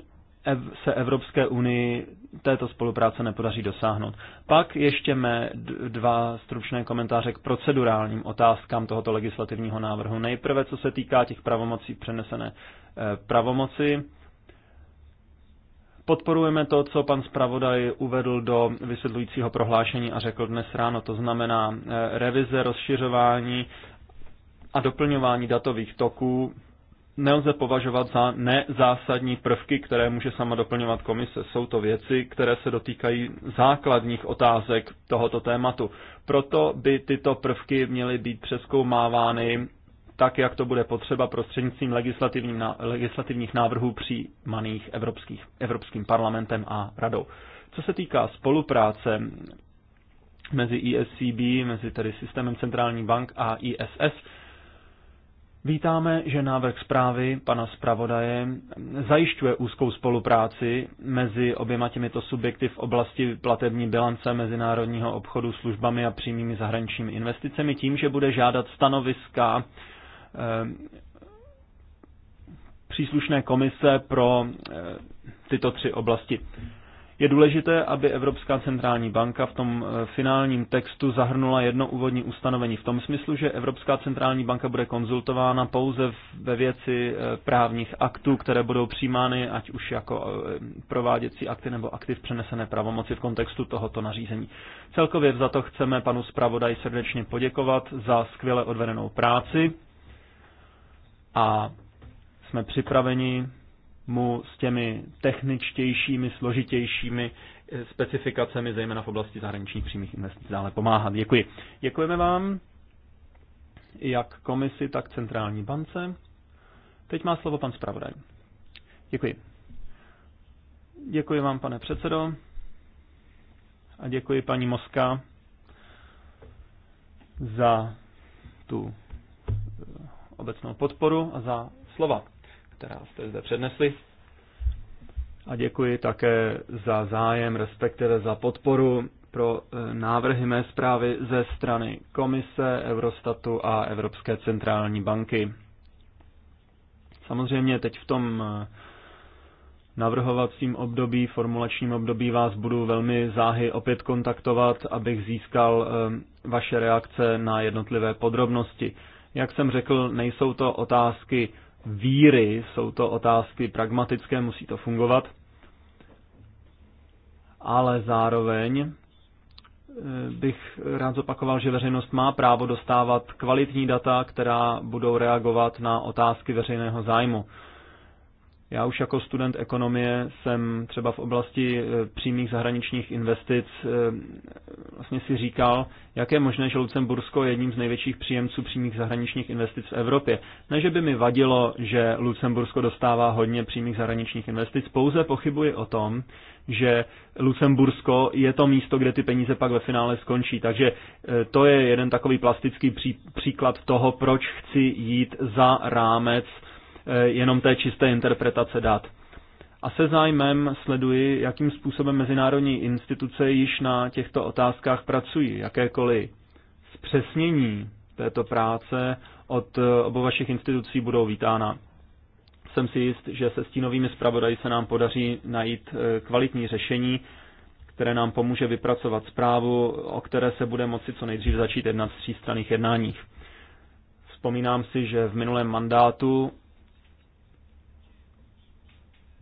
se Evropské unii této spolupráce nepodaří dosáhnout. Pak ještě mé dva stručné komentáře k procedurálním otázkám tohoto legislativního návrhu. Nejprve, co se týká těch pravomocí přenesené eh, pravomoci. Podporujeme to, co pan zpravodaj uvedl do vysvětlujícího prohlášení a řekl dnes ráno, to znamená eh, revize, rozšiřování a doplňování datových toků nelze považovat za nezásadní prvky, které může sama doplňovat komise. Jsou to věci, které se dotýkají základních otázek tohoto tématu. Proto by tyto prvky měly být přeskoumávány tak, jak to bude potřeba prostřednictvím legislativních návrhů přijímaných Evropským parlamentem a radou. Co se týká spolupráce mezi ESCB, mezi tedy systémem centrální bank a ISS, e Vítáme, že návrh zprávy pana zpravodaje zajišťuje úzkou spolupráci mezi oběma těmito subjekty v oblasti platební bilance mezinárodního obchodu službami a přímými zahraničními investicemi tím, že bude žádat stanoviska eh, příslušné komise pro eh, tyto tři oblasti. Je důležité, aby Evropská centrální banka v tom eh, finálním textu zahrnula jedno úvodní ustanovení v tom smyslu, že Evropská centrální banka bude konzultována pouze ve věci eh, právních aktů, které budou přijímány, ať už jako eh, prováděcí akty nebo akty v přenesené pravomoci v kontextu tohoto nařízení. Celkově za to chceme panu zpravodaj srdečně poděkovat za skvěle odvedenou práci a jsme připraveni mu s těmi techničtějšími, složitějšími eh, specifikacemi, zejména v oblasti zahraničních přímých investic, dále pomáhat. Děkuji. Děkujeme vám, jak komisi, tak centrální bance. Teď má slovo pan zpravodaj. Děkuji. Děkuji vám, pane předsedo. A děkuji paní Moska za tu eh, obecnou podporu a za slova která jste zde přednesli. A děkuji také za zájem, respektive za podporu pro e, návrhy mé zprávy ze strany Komise, Eurostatu a Evropské centrální banky. Samozřejmě teď v tom e, navrhovacím období, formulačním období vás budu velmi záhy opět kontaktovat, abych získal e, vaše reakce na jednotlivé podrobnosti. Jak jsem řekl, nejsou to otázky víry, jsou to otázky pragmatické, musí to fungovat, ale zároveň eh, bych rád zopakoval, že veřejnost má právo dostávat kvalitní data, která budou reagovat na otázky veřejného zájmu. Já už jako student ekonomie jsem třeba v oblasti eh, přímých zahraničních investic eh, vlastně si říkal, jak je možné, že Lucembursko je jedním z největších příjemců přímých zahraničních investic v Evropě. Ne, že by mi vadilo, že Lucembursko dostává hodně přímých zahraničních investic, pouze pochybuji o tom, že Lucembursko je to místo, kde ty peníze pak ve finále skončí. Takže eh, to je jeden takový plastický pří, příklad toho, proč chci jít za rámec Eh, jenom té čisté interpretace dat. A se zájmem sleduji, jakým způsobem mezinárodní instituce již na těchto otázkách pracují, jakékoliv zpřesnění této práce od eh, obou vašich institucí budou vítána. Jsem si jist, že se stínovými zpravodaji se nám podaří najít eh, kvalitní řešení, které nám pomůže vypracovat zprávu, o které se bude moci co nejdřív začít jednat v třístranných jednáních. Vzpomínám si, že v minulém mandátu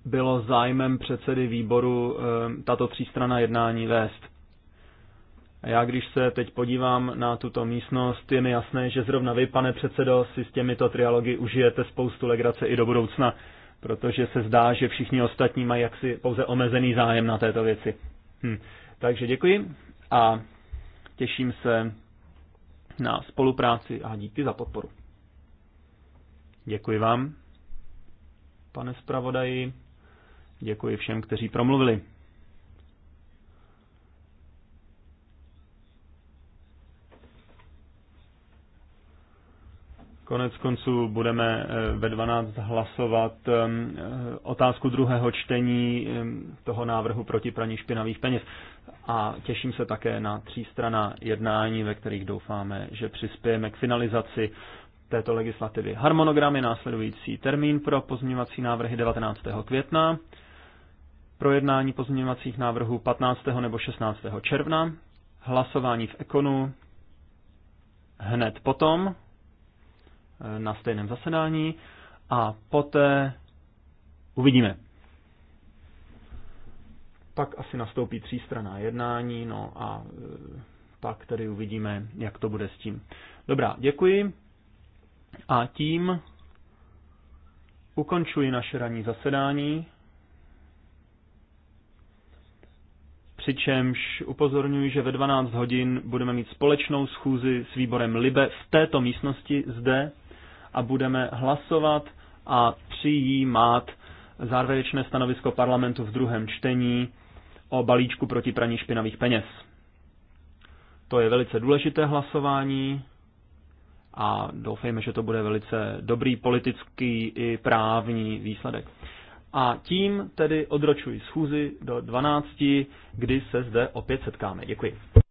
bylo zájmem předsedy výboru eh, tato třístrana jednání vést. A já když se teď podívám na tuto místnost, je mi jasné, že zrovna vy, pane předsedo, si s těmito trialogy užijete spoustu legrace i do budoucna, protože se zdá, že všichni ostatní mají jaksi pouze omezený zájem na této věci. Hm. Takže děkuji a těším se na spolupráci a díky za podporu. Děkuji vám, pane zpravodaji. Děkuji všem, kteří promluvili. Konec konců budeme eh, ve 12 hlasovat eh, otázku druhého čtení eh, toho návrhu proti praní špinavých peněz. A těším se také na třístrana jednání, ve kterých doufáme, že přispějeme k finalizaci této legislativy. Harmonogram je následující termín pro pozměňovací návrhy 19. května projednání pozměňovacích návrhů 15. nebo 16. června, hlasování v Ekonu hned potom e, na stejném zasedání a poté uvidíme. Pak asi nastoupí třístraná jednání, no a e, pak tedy uvidíme, jak to bude s tím. Dobrá, děkuji. A tím ukončuji naše ranní zasedání přičemž upozorňuji, že ve 12 hodin budeme mít společnou schůzi s výborem LIBE v této místnosti zde a budeme hlasovat a přijímat závěrečné stanovisko parlamentu v druhém čtení o balíčku proti praní špinavých peněz. To je velice důležité hlasování a doufejme, že to bude velice dobrý politický i právní výsledek. A tím tedy odročuji schůzi do 12, kdy se zde opět setkáme. Děkuji.